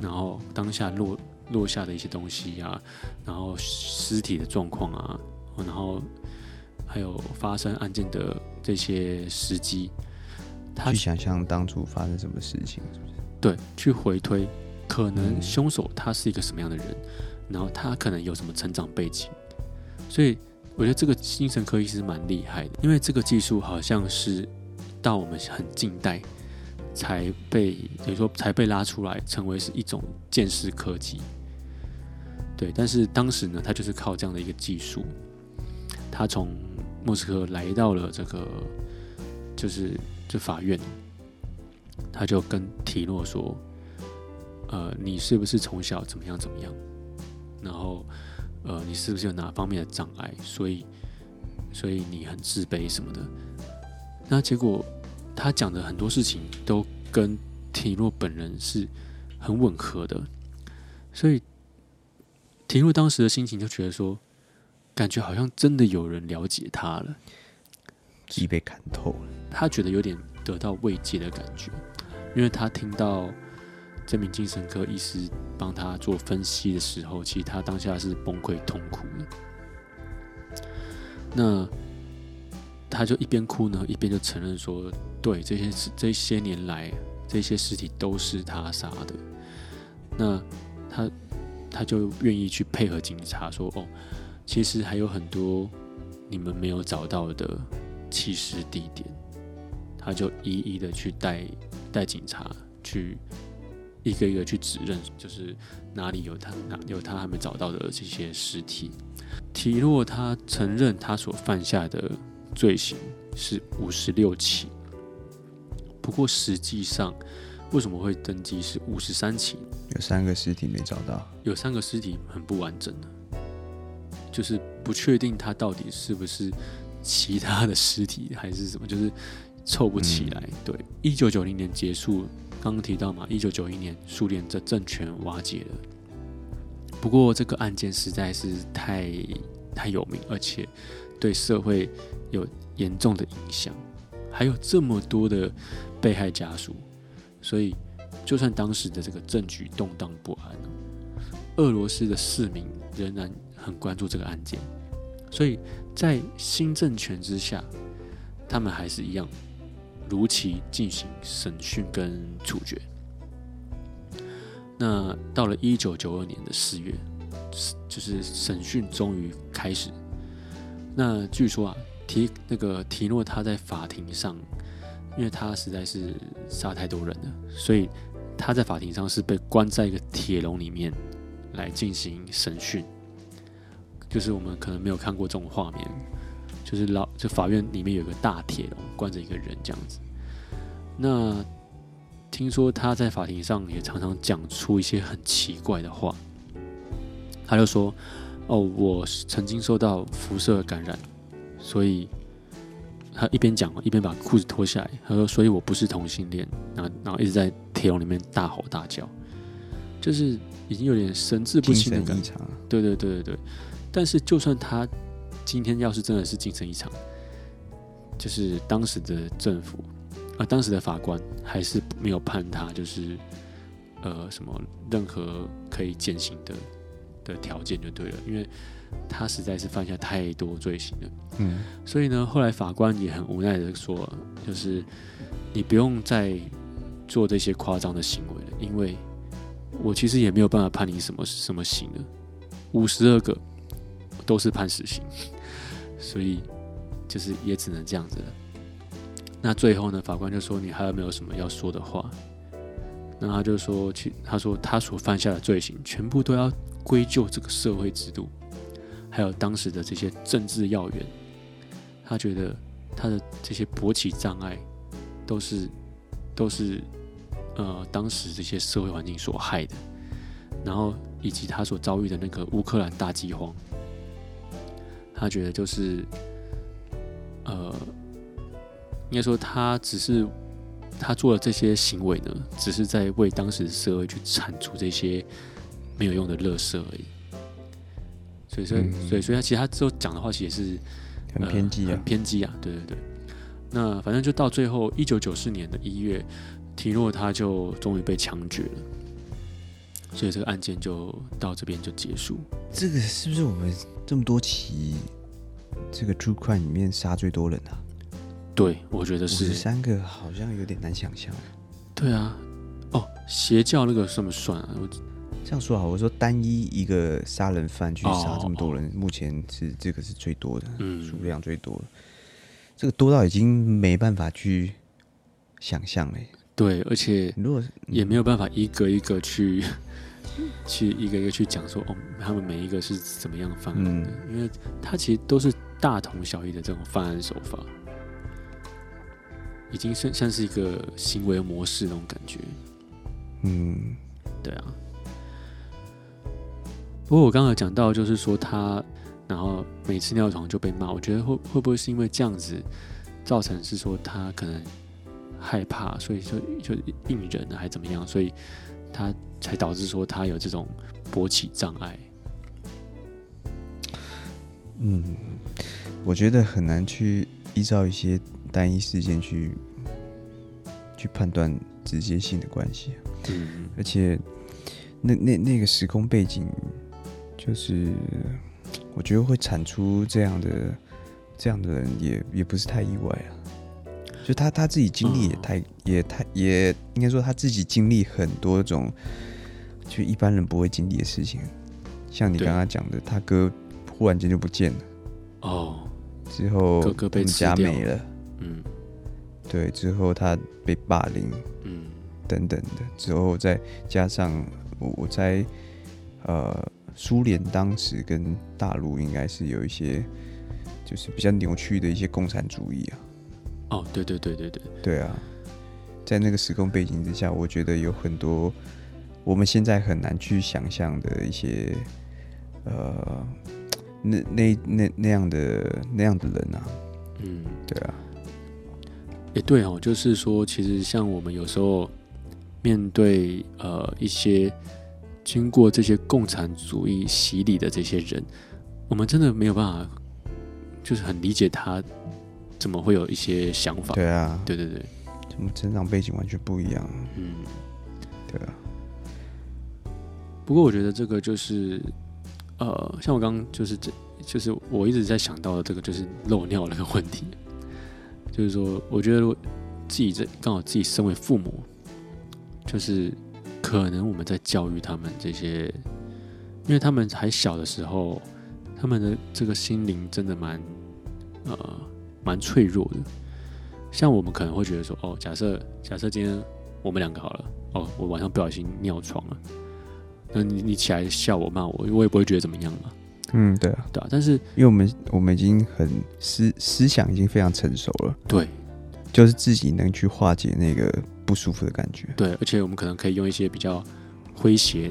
然後當下落落下的一些東西啊，然後屍體的狀況啊，然後還有發生案件的這些時機，他去想象當初發生什麼事情，是不是？對，去回推，可能兇手他是一個什麼樣的人，然後他可能有什麼成長背景，所以我覺得這個精神科醫師蠻厲害的，因為這個技術好像是到我們很近代才被，等於說才被拉出來成為是一種鑑識科技。對，但是當時呢，他就是靠這樣的一個技術，他從莫斯科來到了這個，就是這法院。他就跟提諾說：“呃，你是不是從小怎麼樣怎麼樣？然後，呃，你是不是有哪方面的障礙？所以，所以你很自卑什麼的。那結果，他講的很多事情都跟提諾本人是很吻合的。所以，提諾當時的心情就覺得說，感覺好像真的有人了解他了，自己被看透了。他覺得有點。”得到慰藉的感覺，因為他聽到這名精神科醫師幫他做分析的時候，其實他當下是崩潰痛哭的。那他就一邊哭呢，一邊就承認說：“對，這些這些年來，這些屍體都是他殺的。那”那他他就願意去配合警察說：“哦，其實還有很多你們沒有找到的棄屍地點。”他就一一的去帶帶警察去一個一個去指認，就是哪裡有他哪有他還沒找到的這些屍體。提洛他承認他所犯下的罪行是五十六起，不過實際上為什麼會登記是五十三起？有三個屍體沒找到，有三個屍體很不完整，就是不確定他到底是不是其他的屍體還是什麼，就是。湊不起來。對，一九九零年結束，剛剛提到嘛，一九九一年蘇聯的政權瓦解了。不過這個案件實在是太太有名，而且對社會有嚴重的影響，還有這麼多的被害家屬，所以就算當時的這個政局動盪不安，俄羅斯的市民仍然很關注這個案件。所以在新政權之下，他們還是一樣。如期進行審訊跟處決。那到了一九九二年的四月，是就是審訊終於開始。那據說啊，提那個提諾他在法庭上，因為他實在是殺太多人了，所以他在法庭上是被關在一個鐵籠裡面來進行審訊。就是我們可能沒有看過這種畫面。就是老，就法院裡面有個大鐵籠，關着一個人這樣子。那聽說他在法庭上也常常講出一些很奇怪的話。他就說：“哦，我曾經受到輻射感染，所以他一邊講一邊把褲子脫下來。他說：‘所以我不是同性戀。’然後，然後一直在鐵籠裡面大吼大叫，就是已經有點神志不清的感覺。對對對對對。但是就算他。今天要是真的是精神異常，就是當時的政府，啊、呃，當時的法官還是沒有判他，就是呃什麼任何可以減刑的的條件就對了，因為他實在是犯下太多罪行了。嗯，所以呢，後來法官也很無奈的說，就是你不用再做這些誇張的行為了，因為我其實也沒有辦法判你什麼什麼刑了，五十二個都是判死刑。所以，就是也只能這樣子了。那最後呢，法官就說：“你還有沒有什麼要說的話？”那他就說：“去，他說他所犯下的罪行，全部都要歸咎這個社會制度，還有當時的這些政治要員。他覺得他的這些勃起障礙，都是都是呃，當時這些社會環境所害的，然後以及他所遭遇的那個烏克蘭大饑荒。”他覺得就是，呃，應該說他只是他做的這些行為呢，只是在為當時社會去鏟除這些沒有用的垃圾而已。所以說，嗯，所以所以他其實他之後講的話，其實也是很偏激啊，呃，很偏激啊，對對對。那反正就到最後，一九九四年的一月，提諾他就終於被槍決了。所以這個案件就到這邊就結束。這個是不是我們這麼多起這個 true crime 裡面殺最多人啊？對，我覺得是。53個，好像有點難想象對啊。哦，邪教那個算不算啊？我，這樣說啊，我說單一一個殺人犯去殺這麼多人，哦哦、目前是這個是最多的，嗯、數量最多的。這個多到已經沒辦法去想象了。對，而且如果也沒有辦法一個一個去。去一個一個去講說，哦，他們每一個是怎麼樣犯案的？嗯。因為他其實都是大同小異的這種犯案手法，已經算算是一個行為模式那種感覺。嗯，對啊。不過我剛剛講到，就是說他，然後每次尿床就被罵，我覺得會會不會是因為這樣子造成是說他可能害怕，所以就就硬忍了，還怎麼樣？所以。他才導致說他有這種勃起障礙。嗯，我覺得很難去依照一些單一事件去去判斷直接性的關係。嗯，而且那那那個時空背景，就是我覺得會產出這樣的這樣的人也，也也不是太意外啊。就他他自己經歷也太、oh. 也太也應該說他自己經歷很多種，就一般人不會經歷的事情，像你剛剛講的，他哥忽然間就不見了，哦、oh.，之後哥哥被吃掉了，嗯，對，之後他被霸凌，嗯，等等的，之後再加上我我在呃蘇聯當時跟大陸應該是有一些就是比較扭曲的一些共產主義啊。哦、oh，對對對對對，對啊，在那個時空背景之下，我覺得有很多我們現在很難去想象的一些，呃，那那那那樣的那樣的人啊，嗯，對啊，也、欸、對哦，就是說，其實像我們有時候面對呃一些經過這些共產主義洗禮的這些人，我們真的沒有辦法，就是很理解他。怎麼會有一些想法？對啊，對對對，怎麼成長背景完全不一樣。嗯，對啊。不過我覺得這個就是，呃，像我剛剛就是這，就是我一直在想到的這個，就是漏尿的那個問題。就是說，我覺得如果自己在剛好自己身為父母，就是可能我們在教育他們這些，因為他們還小的時候，他們的這個心靈真的蠻，呃，蠻脆弱的，像我們可能會覺得說，哦，假設假設今天我們兩個好了，哦，我晚上不小心尿床了，那你你起來笑我罵我，我也不會覺得怎麼樣嘛。嗯，對啊，對啊。但是因為我們我們已經很思思想已經非常成熟了，對，就是自己能去化解那個不舒服的感覺。對，而且我們可能可以用一些比較詼諧詼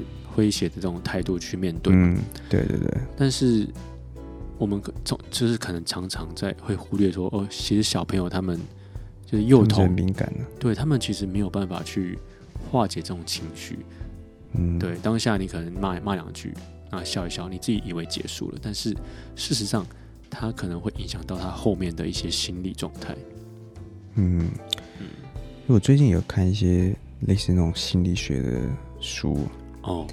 諧的這種態度去面對。嗯，對對對。但是。我們可就是可能常常在會忽略說哦，其實小朋友他們就是幼童敏感的，啊，對他們其實沒有辦法去化解這種情緒。嗯，對，當下你可能罵罵兩句啊，笑一笑，你自己以為結束了，但是事實上，他可能會影響到他後面的一些心理狀態。嗯嗯，我最近有看一些類似那種心理學的書哦，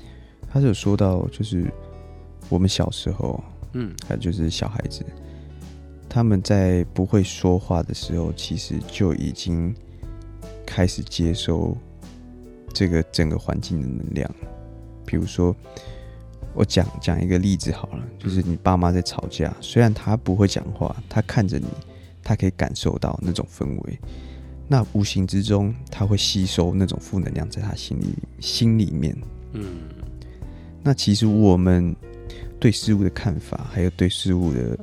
他就有說到就是我們小時候，嗯，還有就是小孩子，他們在不會說話的時候，其實就已經開始接收這個整個環境的能量。比如說，我講講一個例子好了，就是你爸媽在吵架、嗯，雖然他不會講話，他看着你，他可以感受到那種氛圍，那無形之中他會吸收那種負能量，在他心裡心裡面。嗯，那其實我們。對事物的看法，還有對事物的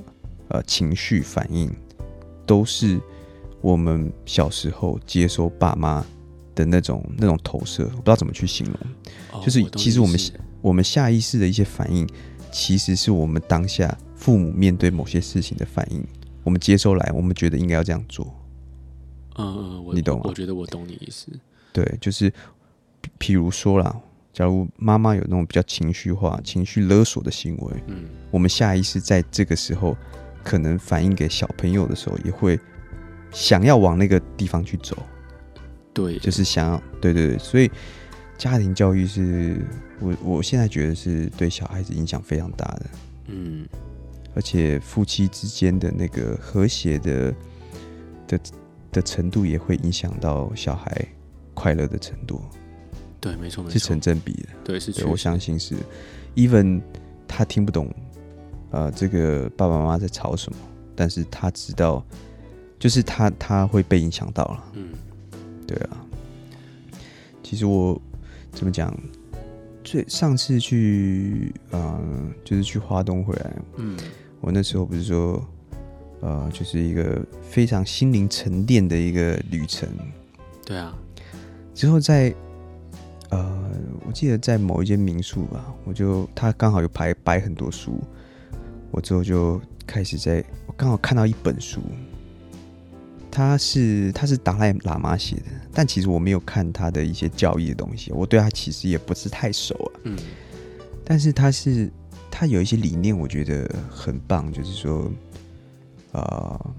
呃情緒反應，都是我們小時候接收爸媽的那種那種投射。我不知道怎麼去形容，哦、就是其實我們我們下意識的一些反應，其實是我們當下父母面對某些事情的反應，我們接收來，我們覺得應該要這樣做。嗯嗯，你懂嗎？我覺得我懂你意思。對，就是，比如說啦。假如媽媽有那種比較情緒化、情緒勒索的行為，嗯，我們下意識在這個時候，可能反映給小朋友的時候，也會想要往那個地方去走，對，就是想要，對對對，所以家庭教育是我我現在覺得是對小孩子影響非常大的，嗯，而且夫妻之間的那個和諧的的的程度也會影響到小孩快樂的程度。對，沒錯，沒錯，是成正比的。對，是對，我相信是。Even 他聽不懂，呃，這個爸爸媽媽在吵什麼，但是他知道，就是他他會被影響到了。嗯，對啊。其實我怎麼講？最上次去，嗯、呃，就是去花東回來，嗯，我那時候不是說，呃，就是一個非常心靈沉澱的一個旅程。對啊。之後在。呃，我記得在某一間民宿吧，我就他剛好有擺擺很多書，我之後就開始在，我剛好看到一本書，他是他是達賴喇嘛寫的，但其實我沒有看他的一些教義的東西，我對他其實也不是太熟啊。嗯。但是他是他有一些理念，我覺得很棒，就是說，啊、呃，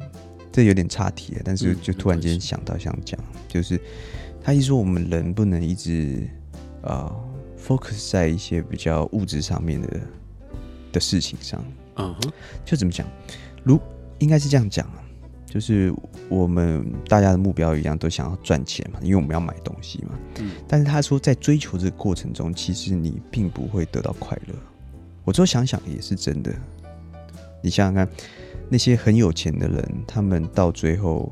這有點岔題，但是就突然間想到想講、嗯，就是他一說我們人不能一直。啊、uh，focus 在一些比較物質上面的的事情上，嗯、uh -huh.，就怎麼講，如應該是這樣講啊，就是我們大家的目標一樣，都想要賺錢嘛，因為我們要買東西嘛，嗯，但是他說在追求這個過程中，其實你並不會得到快樂。我之後想想也是真的，你想想看，那些很有錢的人，他們到最後，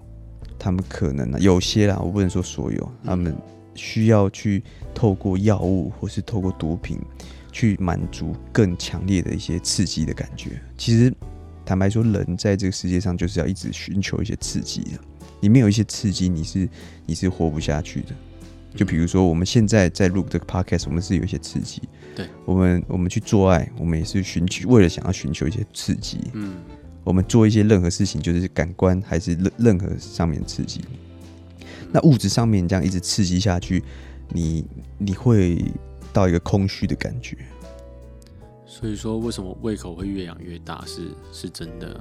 他們可能呢、啊？有些啦，我不能說所有，嗯、他們。需要去透過藥物或是透過毒品去滿足更強烈的一些刺激的感覺。其實坦白說，人在這個世界上就是要一直尋求一些刺激的。你沒有一些刺激，你是你是活不下去的。就比如說，我們現在在錄這個 podcast，我們是有一些刺激。對，我們我們去做愛，我們也是尋求為了想要尋求一些刺激。嗯，我們做一些任何事情，就是感官還是任任何上面刺激。那物質上面這樣一直刺激下去，你你會到一個空虛的感覺。所以說，為什麼胃口會越養越大是是真的？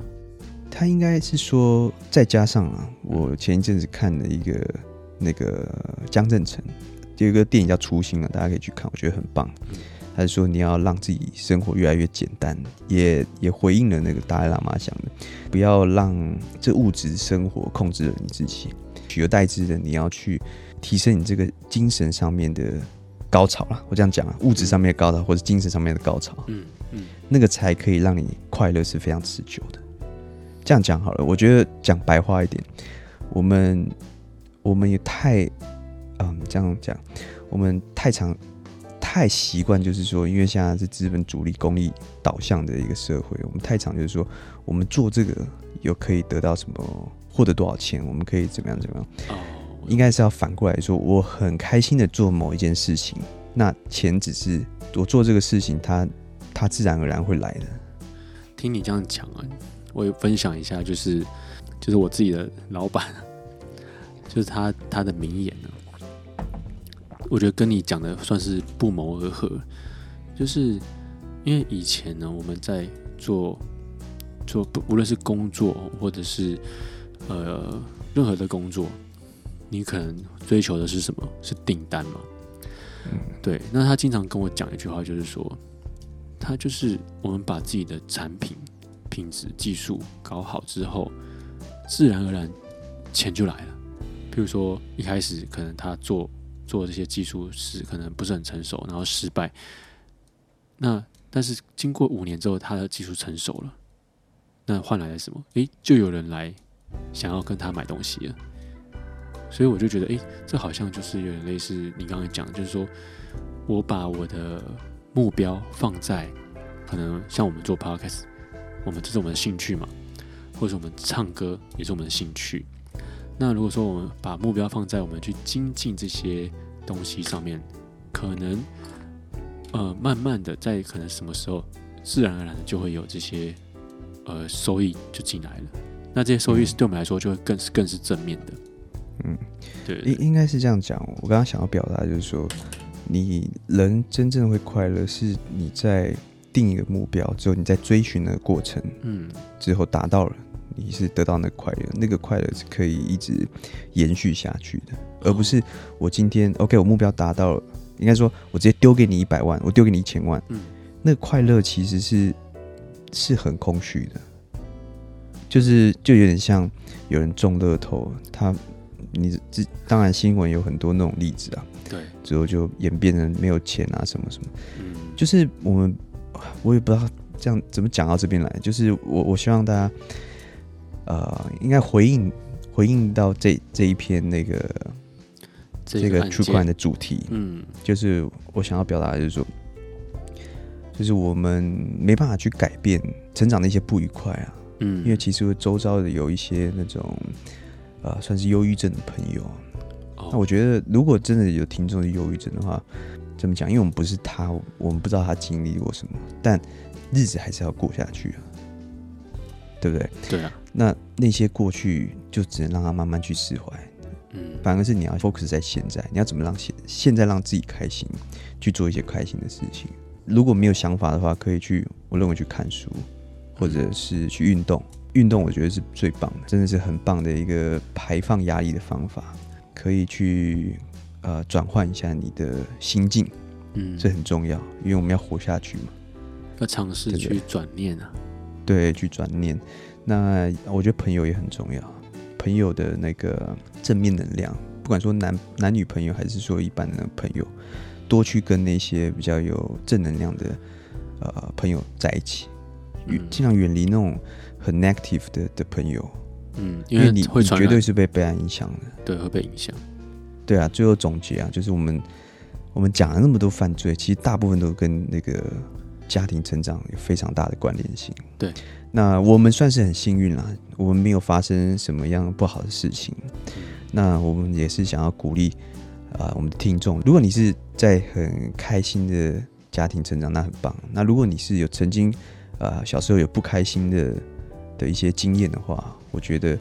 他應該是說，再加上啊，我前一陣子看了一個那個江振誠就有一個電影叫《初心》啊，大家可以去看，我覺得很棒。他是說你要讓自己生活越來越簡單，也也回應了那個達賴喇嘛講的，不要讓這物質生活控制了你自己。取而代之的，你要去提升你這個精神上面的高潮啦。我這樣講啊，物質上面的高潮或是精神上面的高潮，嗯嗯，那個才可以讓你快樂是非常持久的。這樣講好了，我覺得講白話一點，我們我們也太嗯這樣講，我們太常太習慣就是說，因為現在是資本主義功利導向的一個社會，我們太常就是說，我們做這個又可以得到什麼。獲得多少錢？我們可以怎麼樣？怎麼樣？哦、oh，應該是要反過來說，我很開心的做某一件事情，那錢只是我做這個事情，他他自然而然會來的。聽你這樣講啊，我也分享一下，就是就是我自己的老闆，就是他他的名言呢、啊，我覺得跟你講的算是不謀而合，就是因為以前呢，我們在做做無論是工作或者是。呃，任何的工作，你可能追求的是什麼？是訂單嘛？嗯。對。那他經常跟我講一句話，就是說，他就是我們把自己的產品品質、技術搞好之後，自然而然錢就來了。譬如說，一開始可能他做做這些技術是可能不是很成熟，然後失敗。那但是經過五年之後，他的技術成熟了，那換來了什麼？誒，就有人來。想要跟他買東西了，所以我就覺得，哎、欸，這好像就是有點類似你剛剛講的，就是說，我把我的目標放在可能像我們做 Podcast，我們這是我們的興趣嘛，或者我們唱歌也是我們的興趣。那如果說我們把目標放在我們去精進這些東西上面，可能呃，慢慢的在可能什麼時候，自然而然的就會有這些呃收益就進來了。那這些收益是對我們來說，就會更是更是正面的。嗯，對，應應該是這樣講。我剛剛想要表達就是說，你人真正會快樂，是你在定一個目標之後，你在追尋的過程，嗯，之後達到了，你是得到那個快樂，那個快樂是可以一直延續下去的，而不是我今天 OK，我目標達到了，應該說我直接丟給你一百萬，我丟給你一千萬，嗯，那個快樂其實是是很空虛的。就是就有點像有人中樂透，他你這當然新聞有很多那種例子啊，對，之後就演變成沒有錢啊什麼什麼，嗯，就是我們我也不知道這樣怎麼講到這邊來，就是我我希望大家呃應該回應回應到這這一篇那個這、篇、那個、這個出 r 的主題，嗯，就是我想要表達的就是說，就是我們沒辦法去改變成長的一些不愉快啊。嗯，因為其實會周遭的有一些那種，呃，算是憂鬱症的朋友。哦，那我覺得如果真的有聽眾是憂鬱症的話，怎麼講？因為我們不是他，我們不知道他經歷過什麼，但日子還是要過下去啊，對不對？對啊。那那些過去就只能讓他慢慢去釋懷。嗯，反而是你要 focus 在現在，你要怎麼讓現現在讓自己開心，去做一些開心的事情。如果沒有想法的話，可以去，我認為去看書。或者是去運動，運動我覺得是最棒的，真的是很棒的一個排放壓力的方法，可以去呃轉換一下你的心境，嗯，這很重要，因為我們要活下去嘛，要嘗試去轉念啊，對，去轉念。那我覺得朋友也很重要，朋友的那個正面能量，不管說男男女朋友還是說一般的朋友，多去跟那些比較有正能量的呃朋友在一起。盡量遠離那種很 negative 的的朋友。嗯，因為，因為你會你絕對是被被愛影響的。對，會被影響。對啊，最後總結啊，就是我們我們講了那麼多犯罪，其實大部分都跟那個家庭成長有非常大的關聯性。對，那我們算是很幸運啦，我們沒有發生什麼樣不好的事情。嗯。那我們也是想要鼓勵啊，呃，我們的聽眾，如果你是在很開心的家庭成長，那很棒。那如果你是有曾經。呃，小時候有不開心的的一些經驗的話，我覺得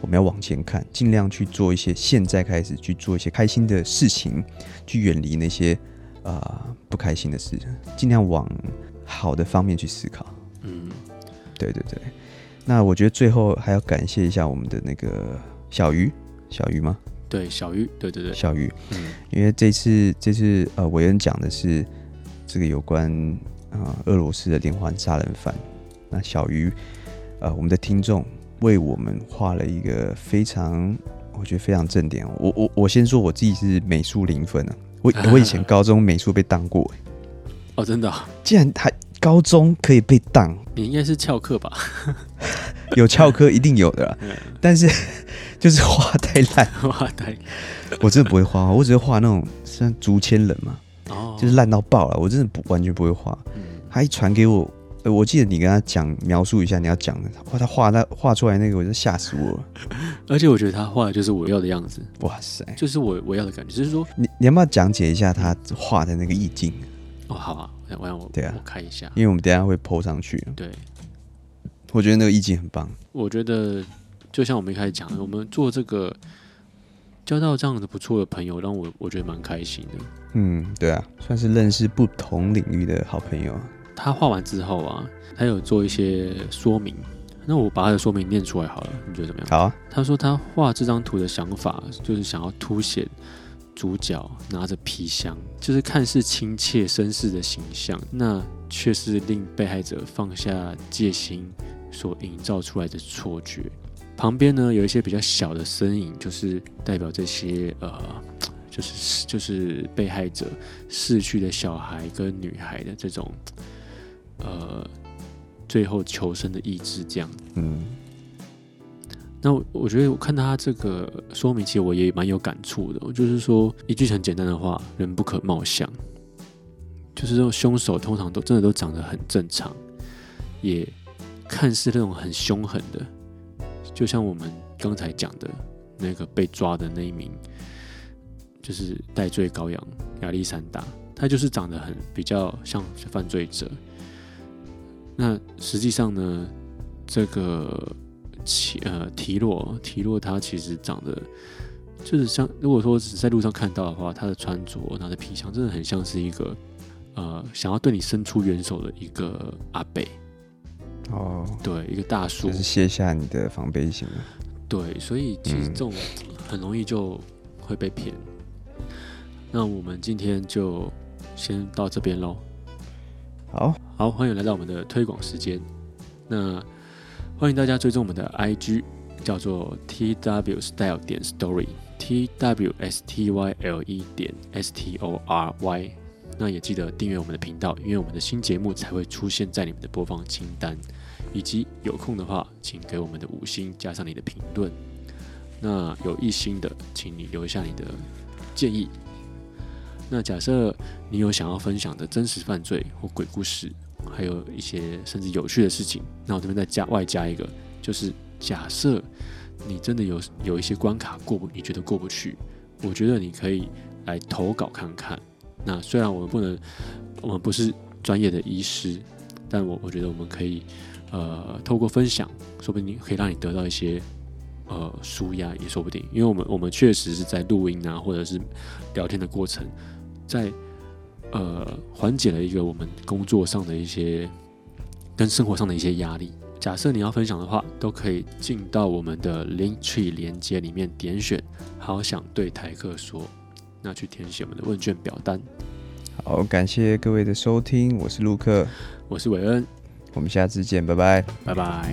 我們要往前看，盡量去做一些現在開始去做一些開心的事情，去遠離那些啊、呃、不開心的事，盡量往好的方面去思考。嗯，對對對。那我覺得最後還要感謝一下我們的那個小魚，小魚嗎？對，小魚，對對對，小魚。嗯，因為這次這次呃，我也講的是這個有關。啊、嗯，俄羅斯的連環殺人犯。那小魚，呃，我們的聽眾為我們畫了一個非常，我覺得非常正點。我我我先說我自己是美術零分了、啊。我我以前高中美術被當過、欸啊被當。哦，真的、哦？既然他高中可以被當，你應該是翹課吧？ 有翹課一定有的、啊。 但是就是畫太爛，畫 太……我真的不會畫，我只會畫那種像竹籤人嘛。就是爛到爆了，我真的不完全不會畫、嗯。他一傳給我，我記得你跟他講描述一下你要講的。哇，他畫他畫出來那個，我就嚇死我了。而且我覺得他畫的就是我要的樣子。哇塞，就是我我要的感覺。就是說，你你要不要講解一下他畫的那個意境？嗯、哦，好啊，我讓我對啊，我看一下，因為我們等下會 po 上去。對，我覺得那個意境很棒。我覺得就像我們一開始講的，我們做這個。交到這樣的不錯的朋友，讓我我覺得蠻開心的。嗯，對啊，算是認識不同領域的好朋友啊。他畫完之後啊，他有做一些說明，那我把他的說明念出來好了，你覺得怎麼樣？好啊。他說他畫這張圖的想法，就是想要凸顯主角拿着皮箱，就是看似親切紳士的形象，那卻是令被害者放下戒心所營造出來的錯覺。旁邊呢有一些比較小的身影，就是代表這些呃，就是就是被害者逝去的小孩跟女孩的這種呃，最後求生的意志，這樣。嗯。那我我覺得我看到他這個說明，其實我也蠻有感觸的。就是說一句很簡單的話，“人不可貌相”，就是這種凶手通常都真的都長得很正常，也看似那種很凶狠的。就像我們剛才講的那個被抓的那一名，就是戴罪羔羊亞歷山大，他就是長得很比較像犯罪者。那實際上呢，這個呃提呃提洛提洛他其實長得就是像，如果說只在路上看到的話，他的穿着、他的皮相，真的很像是一個呃想要對你伸出援手的一個阿伯。哦，對，一個大叔是卸下，你的防備心，對，所以其實這種很容易就會被騙。嗯。那我們今天就先到這邊嘍。好，好，歡迎來到我們的推廣時間。那歡迎大家追蹤我們的 IG，叫做 TWstyle 點 story，t w s t y l e 點 s t o r y。那也記得訂閱我們的頻道，因為我們的新節目才會出現在你們的播放清單。以及有空的話，請給我們的五星加上你的評論。那有一星的，請你留下你的建議。那假設你有想要分享的真實犯罪或鬼故事，還有一些甚至有趣的事情，那我這邊再加外加一個，就是假設你真的有有一些關卡過不，你覺得過不去，我覺得你可以來投稿看看。那雖然我們不能，我們不是專業的醫師，但我我覺得我們可以。呃，透過分享，說不定可以讓你得到一些呃舒壓，也說不定。因為我們我們確實是在錄音啊，或者是聊天的過程，在呃緩解了一個我們工作上的一些跟生活上的一些壓力。假設你要分享的話，都可以進到我們的 Link Tree 連接裡面點選，好想對台客說，那去填寫我們的問卷表單。好，感謝各位的收聽，我是陸克，我是韋恩。我們下次見，拜拜，拜拜。